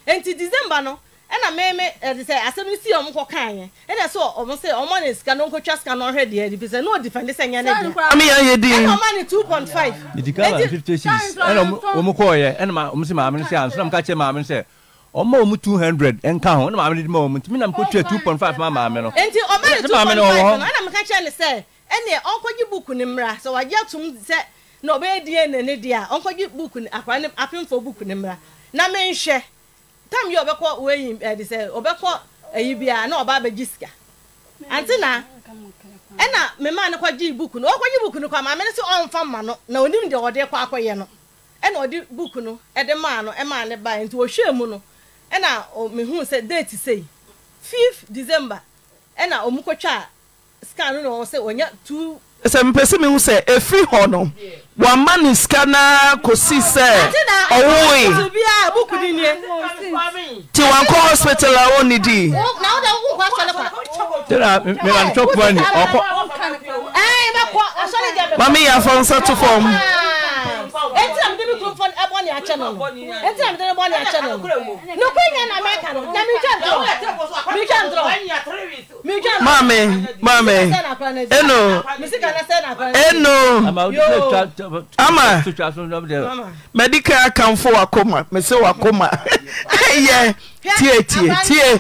nti december no ɛna mɛmɛ ɛde eh, sɛ asɛm no si ɔmo kɔ kan yɛ ɛna sɛ ɔmo sɛ ɔmo ne sika no nkotwa sika no ɔhwɛ deɛ ɛdibi sɛ no odifɛnde sɛ nyɛ ne deɛ ami yɛn yɛ di ɛna ɔmo ne two point five ɛdi kaa na fifty six ɛna ɔmo kɔɔ yɛ ɛna ma ɔmo sɛ maame no sɛ ansonam ka kyɛ maame no sɛ ɔmo ɔmo two hundred ɛnka ho ɛna maame no di ma ɔmo tumi nam ko tia two point five ma maame no nti ɔmo ne two point five no ɛna mo ka kyɛ ne sɛ ɛna ɔnkɔgye buku ne mmra sɛ wagye atum sɛ na ɔbɛyɛ die ne ne deɛ a buku ne akwa tam yɛ ɔbɛkɔ weyi ɛde sɛ ɔbɛkɔ ɛyi bia na ɔba abɛgye sika ante na ɛna mmaa no kɔgye buku no ɔkɔgye buku no kɔ maame no sɛ ɔmfa mma no na onim deɛ ɔde kɔ yɛ no ɛna ɔde buku no ɛde maa no ɛmaa e ne ba nti ɔhwɛ mu no ɛna mehu sɛ deeti sei fifth december ɛna ɔmu kɔtwa scan no na ɔwɔ sɛ ɔnya two. sɛ mpɛ sɛ mehu sɛ ɛfiri hɔ no. wàmá ní sika náà kò sí sẹ ọwọ́ọ̀yì tí wọn kọ́ hospital a ó nídìí. dira mìíràn tó pọ̀ ni ọkọ. mami yà fọ nsa tó fọ mu. Ah. eti am dimi kun fɔn ɛbɔ ni akyɛ nɔnɔ eti am dimi bɔ ni akyɛ nɔnɔ nukwu nya na mɛ kan na mi twɛ ntɔrɔ mi twɛ ntɔrɔ mi twɛ ntɔrɔ. eno eno ama medical akamfo wakoma mese wakoma ɛyɛ tie tie tie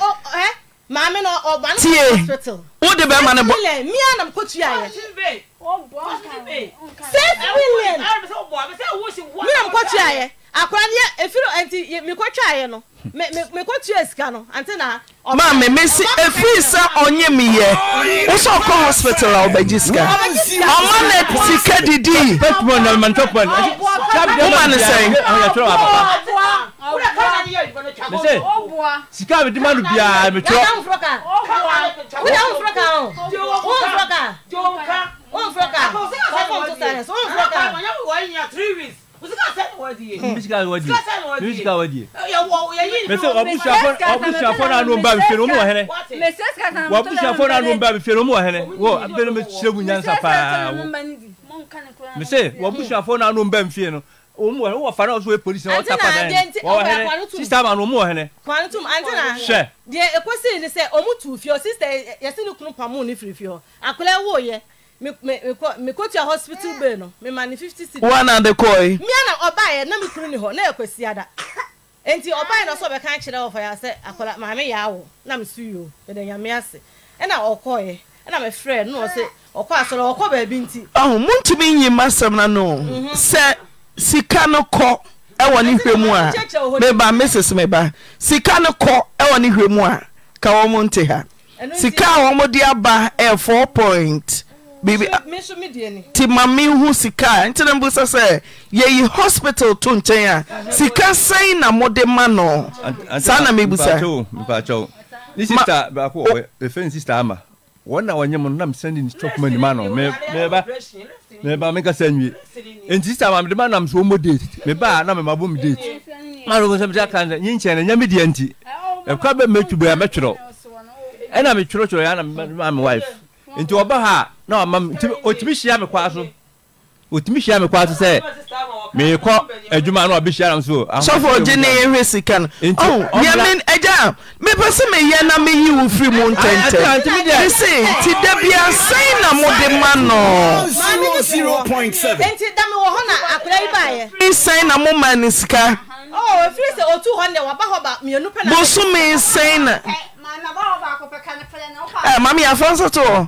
maame na ọba ní hospital. wọ́n de bẹ́ẹ̀ ma ne bọ́. six million mi à nam kotu yà yẹ. six million mi à nam kotu yà yẹ akora ne efiri nti mekɔtwa ayɛ no mekɔtua sika no ante na. maame mesi efiri sɛ ɔnye mi yɛ wosɛ ɔkɔ hospital a ɔbɛgye sika ɔma na sika didi woma ne sɛn. Oh, sika bi di ma no biara metwerɛ musika wa die mese wabusuafo na anu ba mfiri omu wɔ hɛnɛ wabusuafo na anu ba mfiri omu wɔ hɛnɛ wɔ abɛnum kyerɛ mu nyansa paa mese wabusuafo na anu ba mfiri no omu wɔ hɛnɛ wɔ fa na ɔso polisi na ɔta pa dɛn wɔ hɛnɛ sista ma no omu wɔ hɛnɛ hwɛ deɛ ekosi ni sɛ omu tu fie o sista yɛsi ni kunu pamu ni firi fie o akɔlɛ wo yɛ. mekɔtua hospital eh. bay no mema ne 50 cedi wana de kɔe mia na ɔbaeɛ na mekuru ne hɔ na yɛkwasi ada nti ɔbaeɛ na ɔsɛ ɔbɛka kyerɛ wɔfa yɛ sɛ akɔla maame yɛ awo na meso yio mede nyame ase ɛna ɔkɔɛ ɛna mefrɛ no ɔsɛ ɔkɔ asɔre ɔkɔ baabi nti ɔho montumi nyi masɛm na no mhm. sɛ sika no kɔ ɛwɔ ne hwɛ mu a meba meses meba sika no kɔ ɛwɔ ne hwɛ mu a ka wɔ mo nte ha sika a wɔmode aba ɛ 4 point bibi ti mami hu sika nti na mbusa sɛ yɛyi hospital to nkyɛn a sika sɛn na mode ma no saa na mebusa ne sista baako ɛfɛ ne sista ama wɔn na wɔnyɛ mu no nam sɛn de ne tɔkuma anim ano mɛba mɛba mɛkasa nwie nti sista ama mede ma nam so ɔmɔ date mɛba a na mɛma bɔ mu date mmaa no sɛ mede aka sɛ nye nkyɛn na nyɛ me deɛ nti ɛkora bɛ mɛtwu bɛ a mɛtwerɛw ɛna metwerɛtwerɛ yɛ ana mɛ wife nti ɔba ha na ɔma otumi hyia me kwa so otumi hyia me kwa so sɛ meekɔ adwuma na ɔbɛhyia nam so sɔfo gye ne yɛhwɛ sika no oh, yɛme agya mepɛ sɛ meyɛ na meyi wo firi mu ntɛntɛm se nti da bia sɛn na mode ma no sɛn na moma ne sika oh, bosome sɛn na eh, mame eh, yɛafa nso to hɔ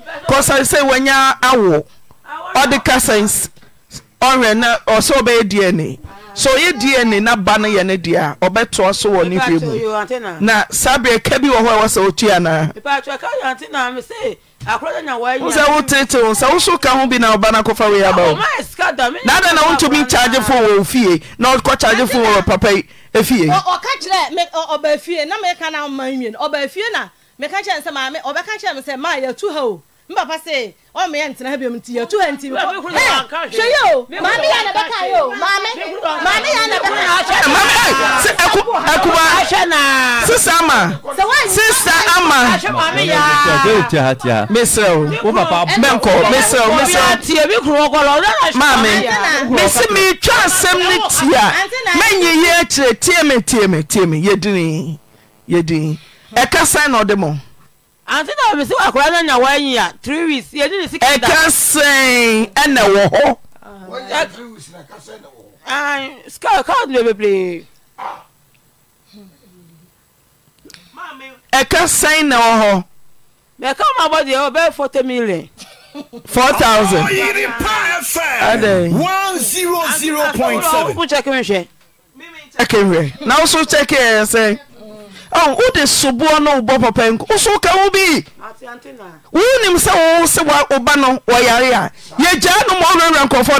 kɔsɛn sɛ wanya awo ɔde kasɛn ɔhwɛ na ɔsɛ ɔbɛyɛ dna so ɔyɛ dna na ba no yɛ ne deɛ a ɔbɛtoa so wɔ ne hwɛ mu na saa e e berɛ ka bi wɔ hɔ a ɛwɔ sɛ ɔtua anaa sɛ wotetew sɛ woso ka ho bi na ɔba no akɔfa wei aba wo na ada e, na wontumi nkyagye fo wɔ ofie na ɔkɔ kyagye fo wɔ papa yi efie. ɔka kyerɛ ɔba efie na mɛka na ɔma nwie no ɔba efie na mɛka kyerɛ nsɛm maame ɔbɛka kyerɛ mi sɛ maa yɛtu ha o mbapa se ɔmɛ yɛ ntena ha bi mu ti yɛ tu ha nti hɛ hwɛ yi o maame yɛ na bɛka yi o maame maame yɛ na bɛka yi o. maame sɛ ɛku ɛkuba sisa ama sisa ama mesrɛw wo oh, oh, papa mɛnkɔ mesrɛw mesrɛw maame mesi mi twa asɛm ne tia mɛnyi yɛ akyire tie mi tie mi tie mi yɛ dini yɛ dini ɛkasa na ɔde mo ante na mesi wa akora na na wanyi a three weeks yɛ di ne sika da. ɛka sɛn ɛna wɔ hɔ. wɔn yɛ three weeks na kasa ɛna wɔ hɔ. ɛn sika kaa dule bebree. ɛka sɛn na wɔ hɔ. mɛka ma bɔ deɛ ɔbɛ forty million. four thousand. ɔyiri pa fm one zero zero point seven. ɔkùnkùn check mi hwɛ. ɛkè hwɛ n'aw so check yɛ sɛ wode soboɔ no wobɔ papa nko woso woka wo bi wonim sɛ wowo se woba no wɔyare a yɛgyaa no ma ɔwerɛwura nkɔfɔ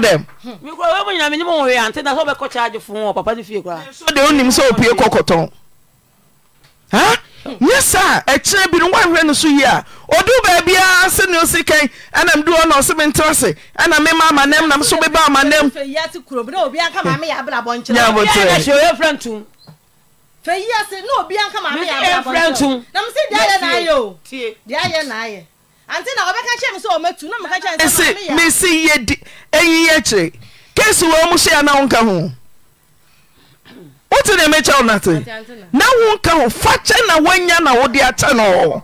dɛmsode wonim sɛ opie kɔkɔtɔn nyɛ saa ɛkyerɛ bi no woahwerɛ no so yi a ɔduu baabiaa sɛne osi kan ɛnam du ɔna ɔse mentera se ɛna mema amanam nam so bɛba amanam fɛ yi ase e na obi anka maame yɛ abɔ abɔ na mo se deɛ ayɛ n'ayɛ o deɛ ayɛ n'ayɛ ante na ɔbɛka kyɛn mi sɛ ɔmɛ tu na mo ka kyɛn sɛ maame yɛ. mesi yɛ di eyi yɛ kyerɛ keesi wɔn mo hyɛ anaw nka ho wote na emekyɛ wo nate na wo nka ho fa kyɛ na woanya na wode akyɛ no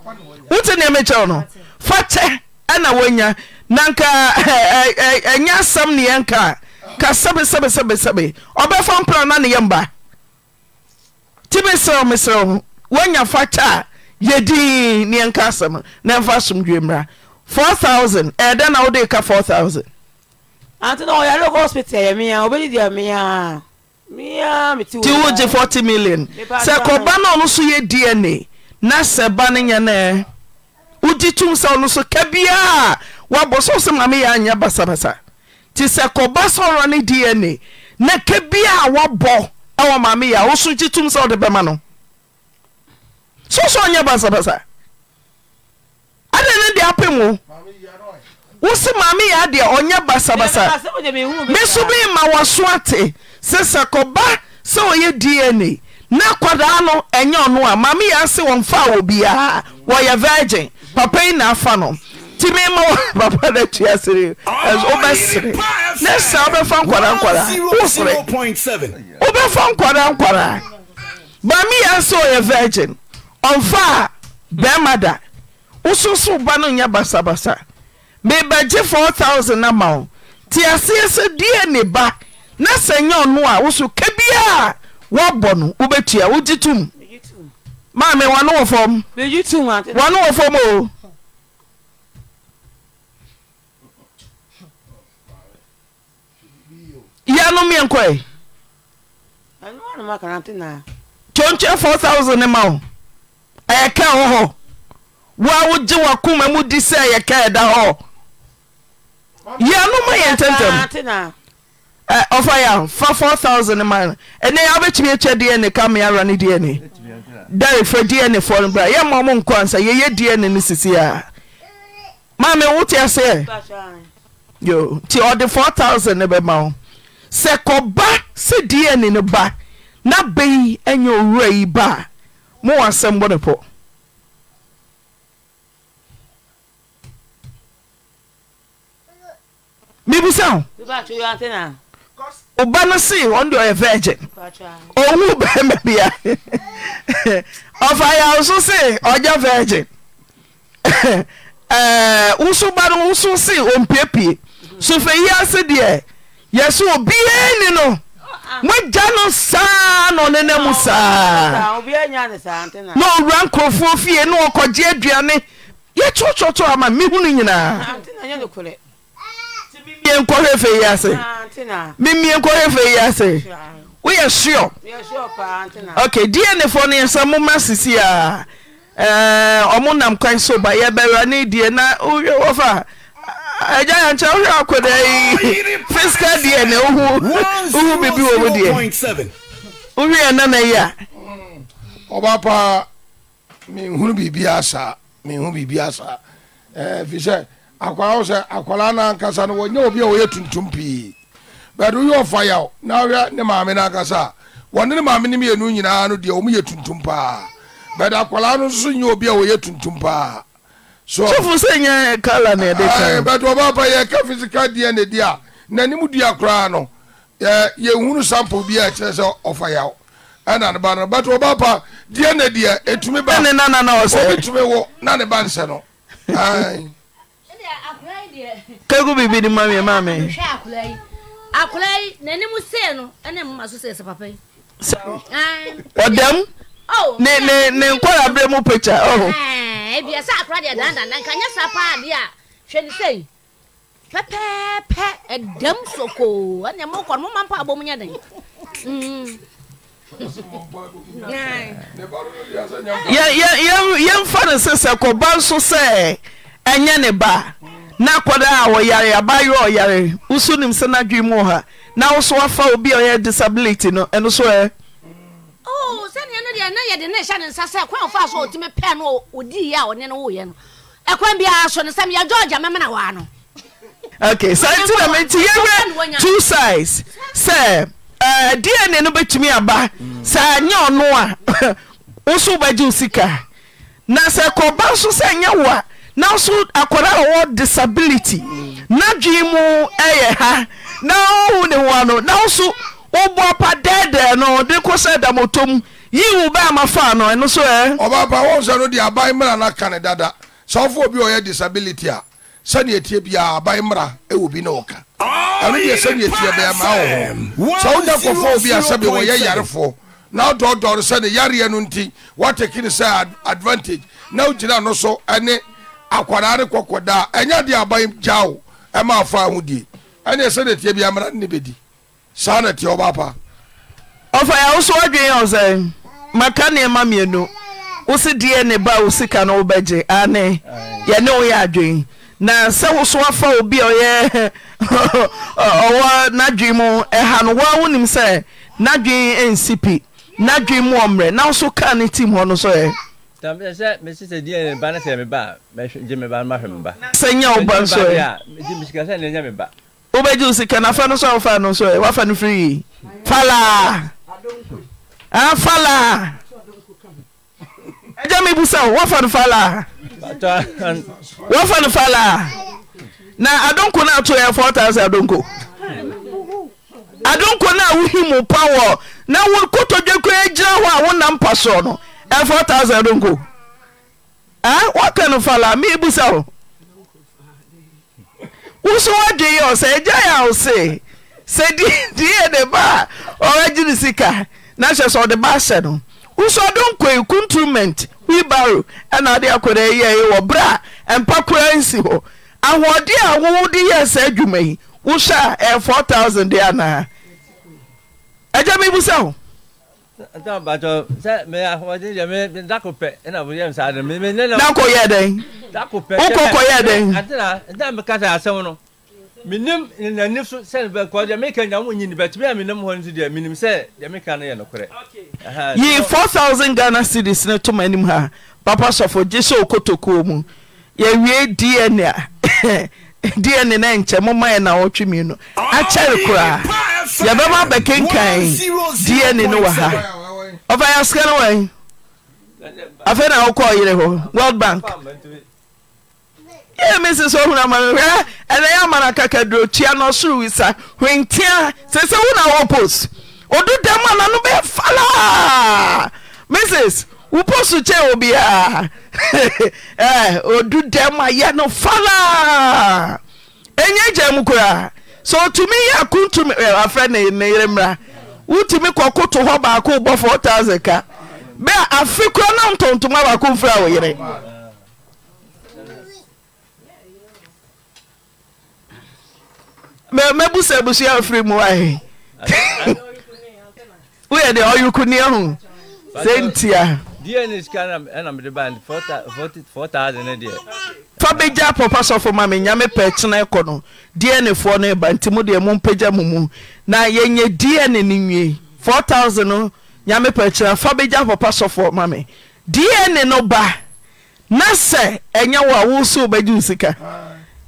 wote na emekyɛ wo no fa kyɛ ɛna woanya na nka ɛnyɛ asɛm ne yɛnka ka sɛbesɛbesɛbesɛbe ɔbɛfa mpra na ne yɛ mba imisrɛw mesrɛw ho woanya fa kya yɛdi neɛnkasɛm ne mfa somdwamra 000 dɛna wodeka 000i woge 40misɛ kɔba na ɔno so yɛ dna na sɛ ba no nyɛnɛ wogye tom sɛ ɔno so kabia a woabɔ sɛ wosɛ ma meyɛanyɛ basabasa nti sɛ kɔba sɛ ɔera no dna na ka bia awbɔ soso ɔyɛ basabasa adɛ ne de apem wo wo se maameyaa deɛ ɔnyɛ basa basa mɛso bi ma wɔso ate se sɛ kɔba sɛ ɔyɛ dna na kɔdaa no ɛnyɛ ɔno a mameya se wɔmfaa wɔ biaa wɔyɛ virgin papa yinaafa notmma wobɛfa nkwara nkwaraa baamea sɛ ɔyɛ virgin ɔmfa a baimada woso so w ba no nyɛ basabasa mebagye 4000 nama o ti aseɛ sɛ dua ne ba na sɛnyɛ ɔno a wo so ka bia a woabɔ no wobɛtua wogye tom maame nɔfmnɔfm yiano mɛnkɔ twotɛ fo ous n ma yɛkɛ h woa wogye akomamdi sɛ yɛa ana yɛtɛtɛaui sɛ kɔba sɛ dn no ba na bɛyi anya owura yi ba a mowɔ asɛm bɔ ne pɔ mibisa wo oba no se ɔn deɛ ɔyɛ virgin ɔwu bɛrima bia ɔfayawo so se ɔgya virgin woso ba no woso se ɔmpiepie so fɛ yi ase deɛ yɛsɛ obiaa ni no moagya no saa na ɔne na mu saa na ɔwura nkurɔfoɔ fie ne ɔkɔgye aduane yɛkyɔkyɔkyɔ ama mehu no nyinaa ah, mimie nkɔhwɛ fei ase ah, mimie nkɔhwɛ fei ase woyɛ sure okay dna ne no yɛsɛ moma sisi a ɔmo nam kwan so ba yɛbɛwura ne die na wohwɛ wɔfa a agya ya nkyɛn wohwɛ akwadaa yi fiscal deɛ na wohu wohu biribi wɔ mu deɛ wohwɛ yɛ yi a. ɔba paa mehunu biribi asa mehunu biribi asa ɛɛ sɛ akwara wo sɛ obi a wɔyɛ tuntum pii bɛɛdi woyɛ ɔfa yaw n'ahwɛ ne maame a, wɔne ne maame nyinaa no deɛ yɛ tuntum paa akwaraa no nso obi a wɔyɛ tuntum paa. sɔfo sɛ nyɛ kala na ɛde kan eh, bɛt ɔbaaba yɛka physical dna di a nanim dua koraa no eh, yɛhunu sample bi a ɛkyerɛ sɛ ɔfa yaw ɛna ne ba no bɛt ɔbaapa dna deɛ ɛtumi ba ne nana na ɔsɛ ɔbɛtumi wɔ na ne ba nsɛ no kagu biribi ne mame mame akwayi n'anim sɛ no ɛne mma so sɛ sɛ papa yi ɔdɛm Oh, ne nkɔra berɛ mu picture oh. eh, biasɛ akora deɛ danadana nka nyɛ saa paa deɛ a hwɛ ne sɛi pɛpɛɛpɛ ɛdam soko ɛneɛ mokɔ no moma mpa abɔ mu nyɛ den mm. yɛmfa no sɛ sɛ kɔba nso sɛ ɛnyɛ ne ba na akɔda a wɔyare abayerɛ ɔyare woso nim sɛ n'adwene mu ha na wo so obi a ɔyɛ disability no ɛno so nm tiɛɛt size sɛ dn no bɛtumi aba sɛ nyɛ ɔno a wonso wobɛgye wo sikaa na sɛ kɔɔba nso sɛ ɛnyɛ wo a nanso akɔraa wɔ disability na dwen mu yɛ ha na wohu ne wo a no nanso woboɔ pa dɛdɛ no de kɔsɛ da mɔtɔ m yi wo bá a ma fa àná ẹnu so ẹ. ọba pa wọn sọ no di aban mìíràn náà kan ní dada sọfún obi ọyẹ disability a sani etie bia aban mìíràn ewu bi náà ọka ẹnu yẹ sani etie bẹẹ máa wọ họ sọ wọn dẹkọ fọ obi asẹbi wọn yẹ yarefọ náà dọdọrọ sani yareɛ no nti wate kiri sɛ advantage náà gyina no so ɛne akwadaa ne kɔkɔdaa ɛnyɛ de aban gya o ɛma afa ahodie ɛna sani etie bia mìíràn ne bɛ di saa na tie ɔba pa ɔfa yɛ woso wadwene ɔ sɛ maka nneɛma mmienu wosi deɛ ne ba wo sika no wobɛgye ane yɛne woyɛ adwene na sɛ woso afa obi a ɔyɛ ɔwɔ n'adwene mu ɛha no wɔa wonim sɛ n'adwene nsi pi n'adwene mu ɔmmerɛ na woso kaa ne tim hɔ no so ɛ sɛ nya wo ba nso ɛ wobɛgye wo sika na afa no so a wofa no so ɛ woafa no firi falaa falaa ɛja mebusao wfa no faawofa no falaa na adnkonato 0k adoko na wohimu paɔ na wooodka gyira hɔ a wonapa soɔ no 0k wa kan falaamehwoɛɛ sɛ dna ba a ɔragye ne sika na hyɛ sɛ ɔde ba ahyɛ no wosɔ ɔde nkoi contument wibaro ɛna ɔde akɔda yɛyɛ wɔ berɛ a mpa koraa nsi hɔ ahoɔde a wowode yɛ saa adwuma yi wohyɛ a ɛyɛ 4000 de anaa agya mebu sɛ ho na nkɔyɛ dɛn wokɔkɔyɛ dɛn menim nani so sɛne bɛkɔ deɛ meka nyamo nyini bɛtumi a menim hɔ nti deɛ menim sɛ deɛ meka no yɛ nokorɛ yi 4000 ghana cities ne toma anim ha papa sɔfo gye sɛ okotokuo mu yɛwie dn a dn na nkyɛ moma yɛ na wɔtwe mi no akyɛre koraa yɛbɛma bɛkenkan dn no wɔ ha ɔfa yɛasika no wɔn afei na wokɔ ɔyere hɔ world bank yɛ mesis wohunu amanohwɛ eh? ɛnɛ yɛ amana kakadurɛtua na ɔsoro wisa hwentia sɛ sɛ wo na wɔpos ɔdo dam ana no bɛfalaa mesis woposo kyɛ obiaa ɔdu dam a yɛ no falaa ɛnyɛ gya m koraa sɛ ɔtumi yɛ akontumi afrɛ ne ne yere mmra wotumi kɔkoto hɔ baako wobɔ 4000 ka bɛ afe kora na ntontoma baako a wo mɛbusa abusua afiri mu wae woyɛ deɛ ɔyokuni ahu sɛ ntia eh, fa bɛgya pɔpa sɔfo ma me nyame pɛ kyena ɛkɔ no dn foɔ no ɛba nti mu deɛ mu na yɛnyɛ dn no nwie 4000 no nyame pɛ kyena fa bɛgya pɔpa sɔfo ma me dn no ba na sɛ ɛnyɛ wo a wo so wobɛgye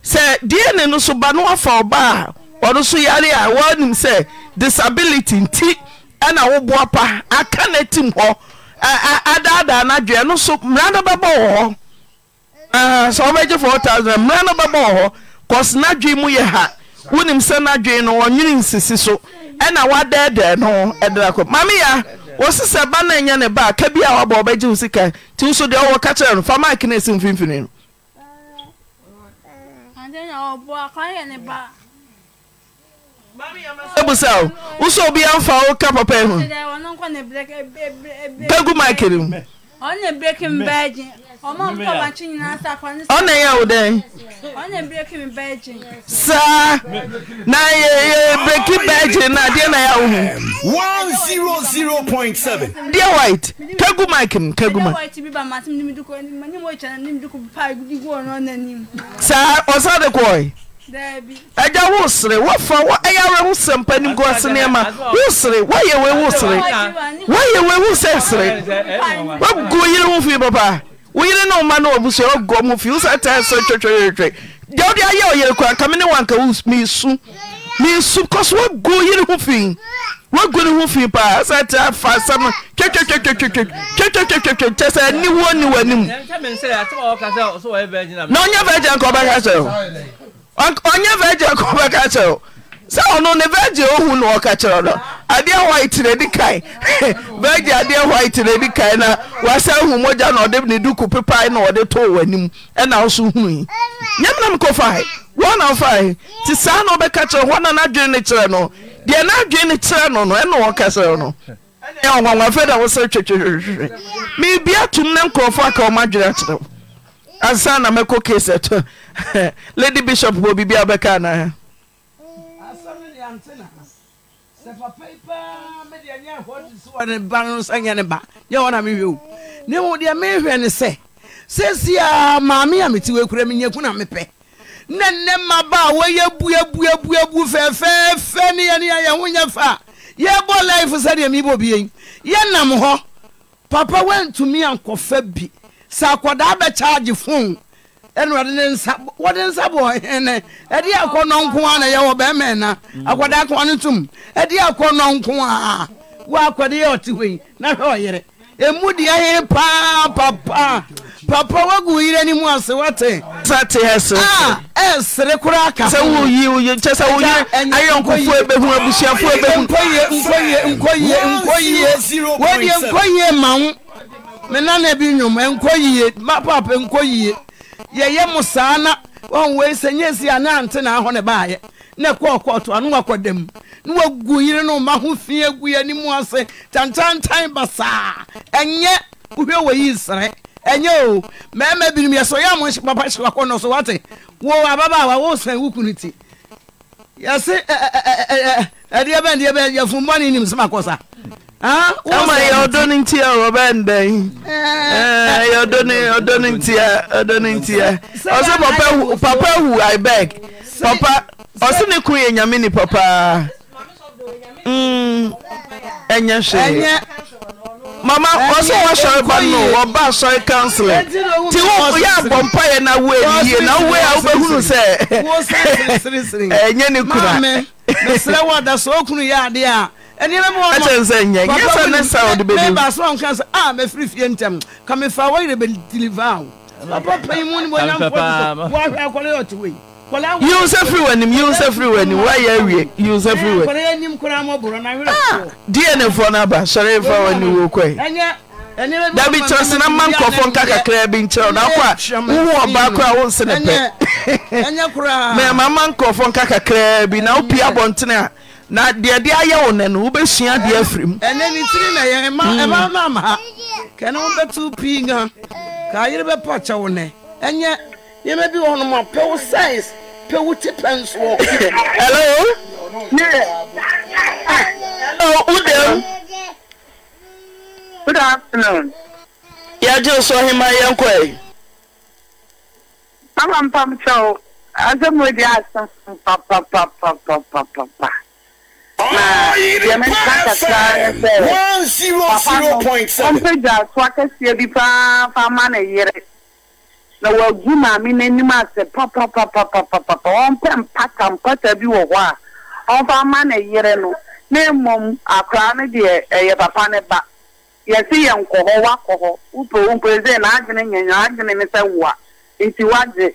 sɛ dna no so ba no wafa ɔba a ɔno so yare a woanim sɛ disability nti ɛna woboa aka na tim hɔ adaadaa noadwe ɛno so mmara no bɛbɔ wɔ hɔ sɛ 4000 mmara no bɛbɔ wɔ hɔ mu yɛ ha wonim sɛ no ɔnwene nsisi so ɛna woadɛɛdɛɛ no ɛdenakɔ mameya wɔ se sɛ ba na ɛnyɛ ne ba ka bi a wo sika deɛ ka kyerɛ no fa ɛsi ebusa o wosɛ obi amfa wo ka papa ho bɛgu mike no mu ọ na-enye ụdị saa na ihe beki bejin na adị na ya uhu 100.7 dear white kegu mike m kegu mike saa ọsa dịkwa agya wosere wofa ɛyɛ awerɛ ho sɛ mpa nim goase nneɛma wosere woayɛ wei wosere woayɛ wei wo sɛ sere woagu yere ho fii papa woyere ne woma no wabu so ɔgɔ mu fi wosa taa so twɛtwɛtwɛ deɛ wode ayɛ ɔyere kora kame ne wanka mesu mesu kɔso wagu yere ho fii wagu ne ho fii paa sɛ te afa asɛm twɛtwɛtwɛtwɛtwɛtwɛtwɛtwɛtwɛ kyɛ sɛ ani wo ni w'anim na ɔnyɛ virgin ka ɔbɛka kyɛ o ɔnyɛ virgin ka ɔbɛka kyɛ o sɛ ɔno ne vege ohu no ɔka kyerɛ no adeɛ white dị kae vege adeɛ white nedi kae na wasa hu mogya na ɔde ne duku pepae na ɔde too w'anim ɛna wɔna fae nti saa na ɔbɛka kyerɛ hɔ na n'adwene ne kyerɛ no deɛ n'adwene ne kyerɛ no no ɛna kyerɛ no da ne nkurɔfoɔ aka ɔma adwene akyerɛ ansa na mɛkɔ case ɛto lady bishop wɔ biribi anaa ante na sɛ papa yi paa mede ɛnyɛ ɛhɔ de so wɔ ne ba no sɛ nyɛ ne ba nyɛ hɔ na mehwɛ o ne mu deɛ mehwɛ ne sɛ sesia maame a mete wɔ akura menyɛ ku na mepɛ ne nne ma ba a wɔyɛ buebuebuebu fɛfɛɛfɛ ne yɛ ne yɛ yɛ ho nyɛ fa a yɛbɔ life sɛdeɛ mebɔ bie yɛnam hɔ papa wantumi ankɔfa bi sɛ akɔdaa bɛkyaagye fon ɛna wɔde ne nsa wɔde nsa bɔ hene ɛde akɔ nɔnko a na yɛwɔ bɛrima na akɔda akɔ ne tum ɛde akɔ nɔnko a wɔ akwadaa yɛ ɔte hɔ yi na hwɛ ɔyere emu deɛ he paa papa papa wagu yire ni mu ase wate. sate ɛsere. a ɛsere e koraa ka. sɛ wo yi wo yi kyɛ sɛ wo yi ayɔnkofo ebehu abusuafo ebehu. ye nkoyie nkoyie nkoyie wɔde ye ma ho mena na ebi nnwom nkoyie papa nkoyie. yɛyɛ mo saa na wɔn wei sɛ nye si ane ante na ahɔ ne baayɛ ne kɔɔ kɔɔto ano wakɔ dɛm ne wagu yiri no ma ho fi egu yɛ ne mu ase tantantan basaa ɛnyɛ wohwɛ wɔ yi nsere o mɛɛma binom yɛ so yɛ mo nhyɛ papa hyɛ wakɔ no so wate wo ababaawa wo sɛn wukunu ti yɛsi ɛɛ ɛɛ ɛɛ ɛdeɛ bɛn deɛ bɛn yɛfunbɔ ne nim sɛ ma kɔ sa. ama yɛ ɔdɔ ne ntia wɔbɛn dɛn yɛ ɔdɔ ne ɔdɔ ne ntia ɔdɔ ne ntia ɔsɛ papa hu papa hu i beg papa ɔsɛ ne kun yɛ nyame ni papa ɛnyɛ hmm. hwee mama ɔsɛ ba no asɔre ti wo yɛ na wo yie na wo a sɛ ɛnyɛ ne ɛnneɛma mu wɔn ɛkyɛn sɛ nyɛ nyɛ sɛ ne sa ɔde bɛ bi mɛba so ɔnka sɛ a mɛfiri fie ntɛm ka mɛfa wɔyerɛ bɛ diliva awo papa panyin mu ni wɔn nyɛ mpɔ wɔahwɛ akɔlɛ ɔte wei yiwu sɛ firi wɔ anim yiwu sɛ firi wɔ anim wɔayɛ awie yiwu sɛ firi wɔ anim diɛ ne fɔ n'aba sɔrɔ efa wɔ ni wo kɔ yi dabi kyerɛ sɛ na ma nkɔfɔ nka kakra bi nkyerɛ na akɔ a wowɔ ɔbaa kora wo nse ne pɛ mɛ ma ma nkɔfɔ nka kakra bi na wopie abɔntene a na deɛ de ayɛ wo nɛ no wobɛsua deɛ afiri mu ɛnɛ ne tiri na yɛ ɛma nam ha kɛne wobɛto pii nga ka yere bɛpɔ kyɛ wo nɛ ɛnyɛ nneɛma bi wɔ nom a pɛ wo size pɛ wo ti pɛ nsoɔ hello hello wodam good afternoon yɛagye so hema yɛnkɔ ɛ ama mpam kyɛw asɛm wadi asɛm papapapapapapa na yɛmɛka kakra ne sɛ papa no ɔmpagya so paa fa a na n'adwene ne sɛ nti wagye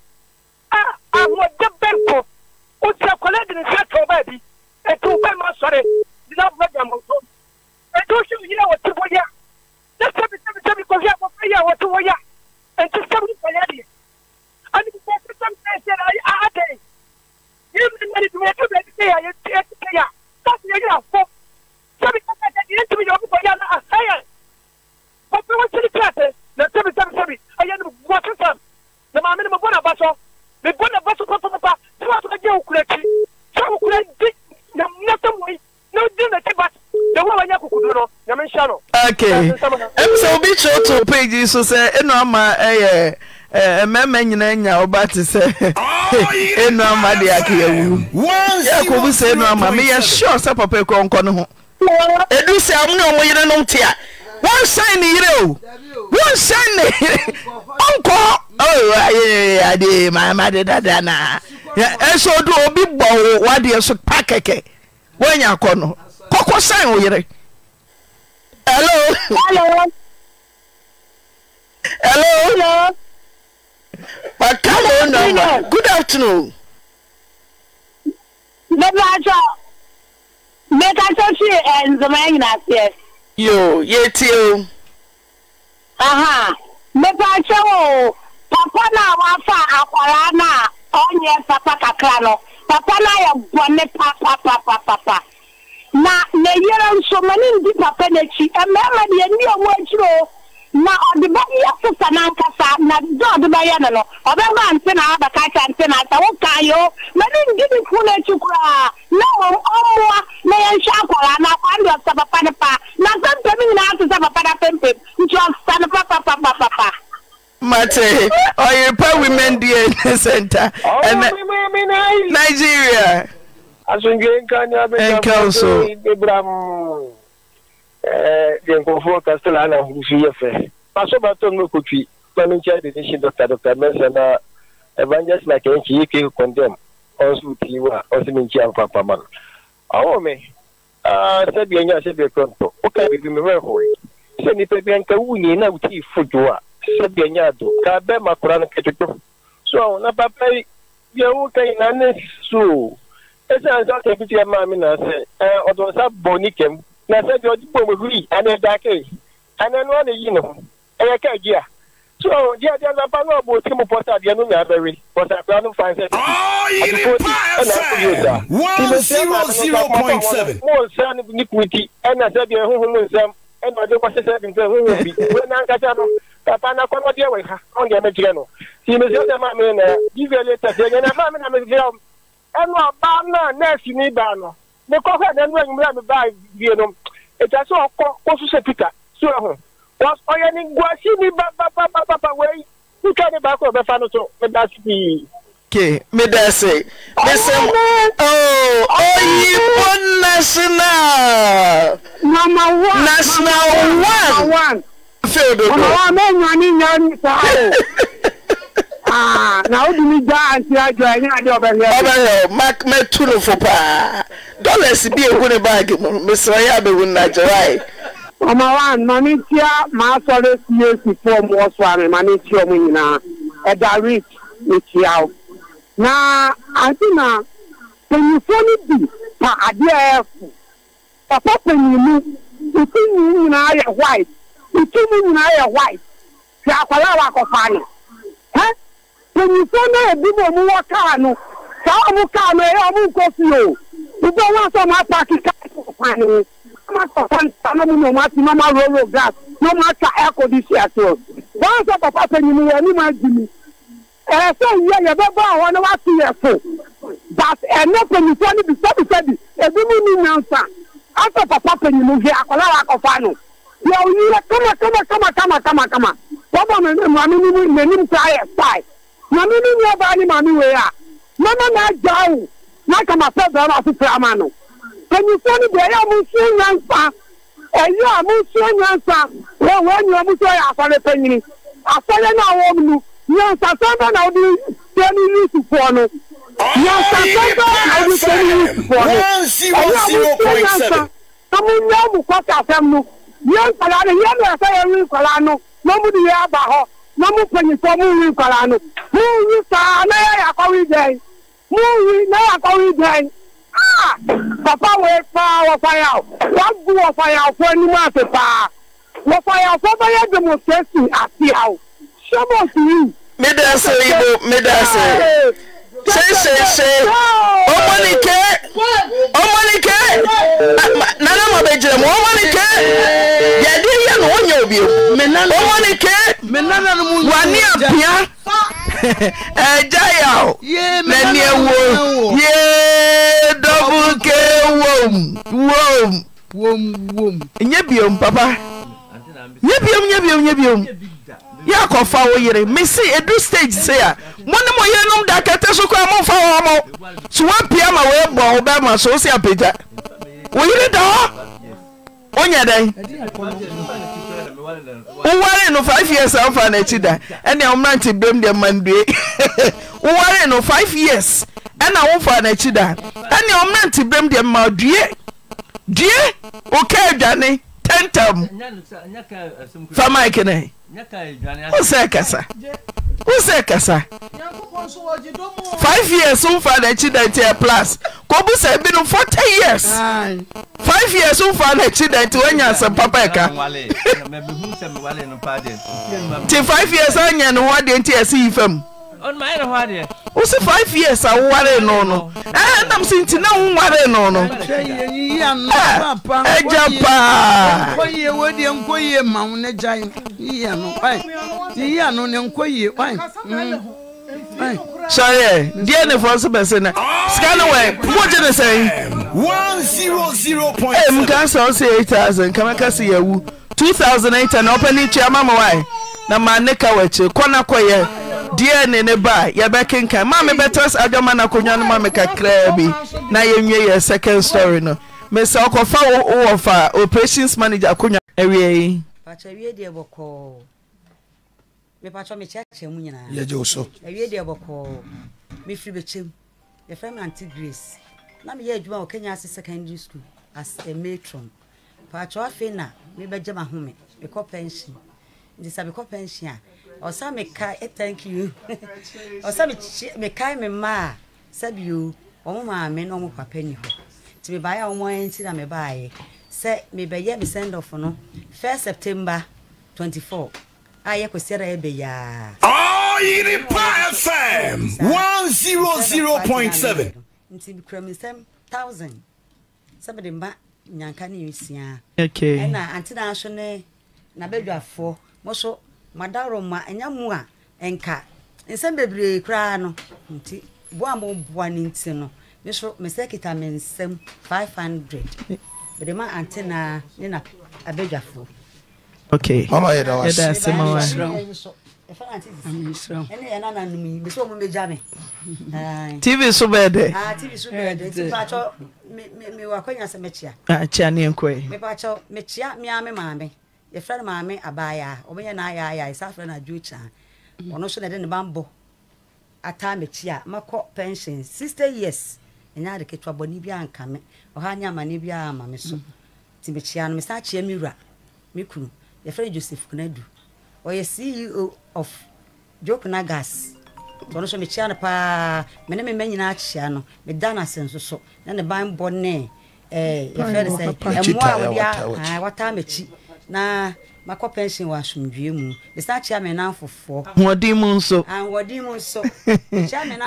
a ahomegye bɛnkɔ wosi akɔla de ne nsa tɔ baa bi ɛtu bɛn ma sɔre de na bɔ gyamoto ɛtu osi mu yina wɔte bɔ ya na sɛbi sɛbi sɛbi kɔfi a wɔfɛ yi a wɔte wɔ ya ɛnti sɛbi ne kɔya deɛ ani bisɛ ɛti sɛbi sɛ ɛsɛ na a adɛ yi mi mɛ ni dum ɛtu bɛ ɛti ya ɛti sɛ ya kasi yɛ yina fɔ sɛbi sɛbi sɛbi yɛ ti mi yɛ ɔbi kɔ ya na a hɛyɛ kɔfi wɔ sini kira tɛ na sɛbi sɛbi sɛbi ɛyɛ ni mu guwa sisan na maame ni mu bɔ na ba sɔ mebɔ na ba sɛ wa so bɛgye wo kura sɛ wo di nyamnasɛm wei na wodi n'akyi ba da wo wanyɛ akokoduro no nyame nhyɛ no okay ɛm sɛ obi kyerɛ to page so sɛ ɛno ama ɛyɛ eh, eh, eh, mmarima nyinaa nya ɔba te sɛ ɛnu oh, ama de akeyawu yɛakɔbu sɛ ɛnu ama meyɛ sure sɛ papa ekɔnkɔ no ho ɛdu sɛ ɔmo ne ɔmo yerenom te a wonsan ne yere o wonsan ne yere ɔnkɔ mamade dada na ɛsɛ ɔdu obi bɔ wo wadeɛ so pa kɛkɛ woanya kɔ no kɔkɔ san wo yere hello hello wakamo nɔma good afternoon mɛbɛatɔ mɛkatɔ fi nzɔmɔ na seɛ yo yeti. o aha mepa kyɛ o papa na wafa akwaraa no a ɔnyɛ papa kakra no papa no papa bɔne papapapapapa na ne yere nso ma ne ndi papa n'akyi mmarima deɛ nni ɔmo akyiri o na ọdị bẹyẹ sisa n'ankasa na dị ọdị bẹyẹ nọ no ọbẹ ntị na abaka acha ntị na asa ụka ya o mmadụ ndị dị kwụ n'ekyi koraa na ọm na ya nhwe akwara na akwa ndị ọsịsa papa nipa na mpempem nyinaa asịsa papa na mpempem nti ọsịsa nipa papapapapa. mate ọyịrịpa women dna center ẹnẹ nigeria. asunke nkanya bẹ ká fún Eh, deɛ nkurɔfoɔ ka still ana ahosu yɛ fɛ paso bato no kotwi mami nkyɛn de ne hyi dɔkta dɔkta mɛnsa na evangelist na kɛnkyi yi kee kɔndɛm ɔnso tii wa ɔsi mi nkyɛn papa ma no ɔwɔ mi aa sɛbi ɛnya sɛbi ɛkɔ ntɔ ɔka bibi mi wɛ hɔ sɛ nipa bi nka wu nyi na wuti fojo a sɛbi ɛnya do ka bɛ ma kora no kɛtɛtɛ so na papa yi deɛ wo ka nyinaa ne so ɛsɛ ansa kɛntɛ maame na sɛ ɛɛ eh, ɔdɔnsa bɔ ne kɛm na sɛ deɛ ɔde bɔ mu huri ane dake ane no ana yi ne ho ɛyɛ ka agyi a so deɛ deɛ nsa pa no ɔbɔ ti mu pɔsa deɛ no nyɛ pɔsa kora no fan sɛ mo nsa no ne kuru ti ɛna sɛ deɛ honhom nsɛm ɛna ɔde kɔhyɛ sɛ nsɛ honhom bi wɛ no papa na kɔnɔ deɛ wɔ ha ɔn deɛ mɛkyerɛ no ti mesi sɛ maa mi na givɛ later sɛ nyɛ na maa mi na mesi sɛ ɛna no a nɛɛsi ni baa no me kɔfɛ nanu ɛnyimire a me ba bie no ɛta sɛ ɔkɔ kɔsu sɛ peter so ɛho ɔyɛ ne ni papapapapa wei sika ne baako ɔbɛfa no so me da se pii. Okay, me da se. Me se oh, oh, oh Oyinbo National. Mama one. National one. Mama one. Mama one. Mama one. Mama one. Mama one. Mama one. Mama na o dumi gba anti ajo ẹ ní adé ọbẹ yẹ. ọbẹ yẹ mark mẹtu ni fo paa dọlẹsi bi ewu ni baagi mu mesra yẹ abẹwu ni nàìjíríà yìí. ọmọ wa mami tia maa sọrọ cac fún ọmọ ọsọ àmì mami tia ọmọ nyinaa ẹdá e rick ni o na adi na panyinfo e ni bi pa adeɛ ɛɛfo papa panyin mu tutu mu nyinaa yɛ white tutu mu nyinaa yɛ white ti akwara wa akɔfa no. panyinfoɔ no a ebi mu ɔmo wɔ kaa no saa ɔmo kaa no ɛyɛ fi o gbogbo wɔn asɔ ɔmo apaaki kaa ɛkɔ kwan no ɔmo asɔ kwan ta na ɔmo na ɔmo ati na ɔmo aroro gas na ɔmo ata ɛkɔ de si aseɛ wɔn asɔ papa panyin mu wɔn anim adi mu ɛsɛ yie yɛbɛbɔ a wɔn wate yɛ so but ɛnɛ panyinfoɔ no bi sɛbisɛ bi ebi mu ni nyansa asɔ papa panyin mu hwɛ akɔla akɔfa no yɛ oyi yɛ kama kama kama kama kama kama wɔbɔ n'anim n'anim n'anim kura yɛ style maame ne nua baa ne maame wei a mama na agya wo na ka ma pɛ bɛrima so pɛ ama no panyinfoɔ e no deɛ ɛyɛ a mo nsuo nyansa ɛyɛ a mo nsuo nyansa wɔn wɔn nyina mo nso yɛ asɔre panyini asɔre na wɔn mu no nyansa sɛnba na wɔde tɛ ne yusufoɔ no nyansa sɛnba na wɔde tɛ ne yusufoɔ no ɛyɛ a mo nsuo nyansa na mo nyɛ mo kɔ kasɛm no yɛn nkwadaa no yɛn na yɛ sɛ yɛn nkwadaa no na mo de yɛ aba hɔ na mo mpanyinfoɔ mo nwi nkwaraa no mo nwi saa na yɛ akɔwe dɛn mo nwi na yɛ akɔwe dɛn aa papa wei paa wɔfayaw wagu wɔfayawfoɔ anim ase paa wɔfayawfoɔ bɛyɛ demonstration aseaw sɛbɔs yi. meda se ibo meda se seesese ɔmɔnike ɔmɔnike nana ma bɛ gyina mu ɔmɔnike yɛde yɛ no bio ɔmo ni ke wane apia ɛgya yaw na neɛ wo yee dɔbo ke wom wom nyɛ biom papa nyɛ biom nyɛ biom nyɛ biom yɛ akɔfa wo yere mesi edu stage se ya. mo ne mo yenom da kɛtɛ so koraa mo nfa wɔn mo so wɔn pia ma wɔn ebɔ wo e bɛɛ ma so o si apagya wo yere da hɔ o nyɛ dɛ. woware no 5 years a wofa anoakyi da ɛnea womra nte brɛm deɛ mandue woware no fi years ɛna womfa anoakyi daa ɛnea womra nte brɛm deɛ ma due due wo kaa adwane tɛn tamu famaiken wosɛkɛsa wosɛ kɛsa 5 years omfa na khidɛnt a plas kobu sɛ bino 40 years 5 years wmfa na khidɛnti waanyansɛm papa ɛka nti 5 years anyɛ no wadeɛ ti asiyi famu wo si five years a woware no no ɛnam eh, sɛ nti na woware no no ɛgya paa sɔreɛ deɛ ne fɔ so bɛse no sika no wɛ mogye ne sɛn mka sɛ wo sɛ 8000 kamaka sɛ yɛwu 2008 na ɔpɛ ne kyia ma ma wae na ma ne ka wɔ akyiri kɔ na kɔyɛ deɛ ne ne ba yɛbɛkenkan maa mi bɛtɔ sɛ adwama na akonnwa no ma mi kakraa bi na yɛnwie yɛ second story no mesa ɔkɔfa wo wɔ fa operations manager akonnwa awie yi. pàtó awie deɛ bɔ kɔɔ mipatɔ mi kyɛkyɛ mu nyinaa. yɛ gye o so. awie deɛ bɔ kɔɔ mi firi bɛ kyɛm yɛfrɛ me anti grace na mi yɛ adwuma wɔ kenya ase secondary school as a matron pàtó afei na mi bɛ gye ma home mi kɔ pension nti sa mi kɔ pension a ɔsa meka eh, thank you ɔsa mekae me mma a sɛbio ɔmo maame na ɔmo papa ni hɔ nti mebaeɛ a ɔmo ayɛ nti na mebaeɛ sɛ mebɛyɛ me send off no First september twenty 24 a yɛ kɔsiɛra yɛ bɛyaa ɔyiripa fm seven. nti mi mekura me nsɛm 1000 sɛ mede mba nyanka ne yɛsiaa ɛna ante na so ne nabadwafoɔ mo so madaroma ɛnyɛ mu a ɛnka nsɛm bebree koraa no nti boa mo boa ne nti no me so me kita me nsɛm hundred mede ma ante na ne na abadwafoɔ okay mama da wase yɛ da se ma wa tv so bɛɛ dɛ ah, tv so bɛɛ dɛ nti paatɔ mewɔ akɔnya sɛ mɛkyia akyia ah, ne nkɔe mepaatɔ mekyia mea me maame yɛfrɛ no maame abaayɛ a ɔbɛyɛ no ayɛayɛ ɛsa frɛ no adwokya ɔno nso na ɛde ne bambɔ ataa m'akyi a makɔ pension sister, years ɛnyɛ ade ketewa bɔne bi anka me ɔha ne amane bi ama me so nti mekyia no mesa kyia me wura me kunu yɛfrɛ no joseph kunadu ɔyɛ ceo of jokuna gas nti ɔno nso mekyia no paa me ne memma nyinaa kyia no meda no ase nso so na ne banbɔ ne eh, yɛfrɛ no sɛ ɛmmoa wode eh, wataa ah, m'akyi na makɔ pension wɔ asomdwee mu mesa chairman na mfofoɔ ahoɔden mu nso ahoɔden mu nso chairman na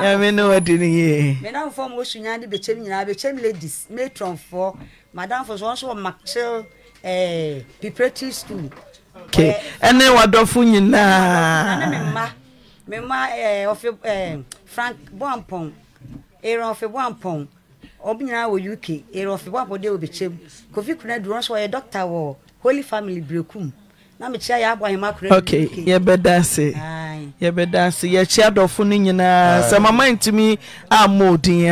wɔde no yie me na mfofoɔ ma wɔsu ladies matronfoɔ madamfoɔ so wɔn nso wɔ eh, preparatory school okay eh, ɛne wadɔfo nyinaa ne me mma me mma eh, eh, frank boampɔn aaron ɔfe boampɔn ɔmo nyinaa wɔ uk aaron ɔfe boampɔn de wɔ bɛkyɛm kofi kuna duro nso wɔyɛ doctor holy family brekum na mekyia yɛ abɔ ahema kora ok yɛbɛda ase yɛbɛda ase yɛkyia dɔfo no nyinaa sɛ mama ntumi amma odin a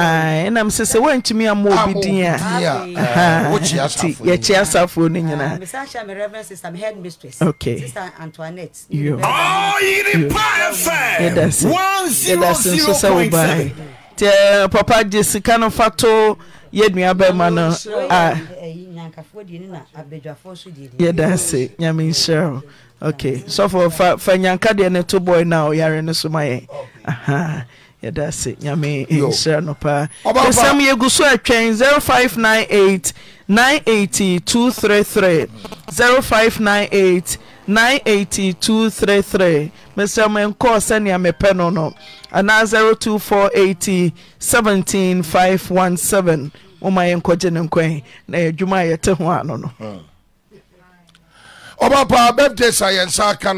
ɛnam sɛ sɛ woantumi amma obi din a nti yɛkyia asafoɔ no nyinaayɛda se nso sɛ wobae nti papa gye sika no fa to yɛ nua bɛma no yɛda ase nyame nhyira wo ok sɔfo fa nyanka deɛ ne to bɔe no a ɔyare no so ma yɛ aha Yeah, that's it. nhyira no paa ɛsɛm yɛgu so atwɛn 0598 980233 0598 980233 mesrɛ m ɛnkɔɔ sɛnea mepɛ no no anaa 02480 17517 moma yɛnkɔgye na yɛadwuma a yɛte ho ano no hmm. ɔba paa bɛpte sa yɛn nsa aka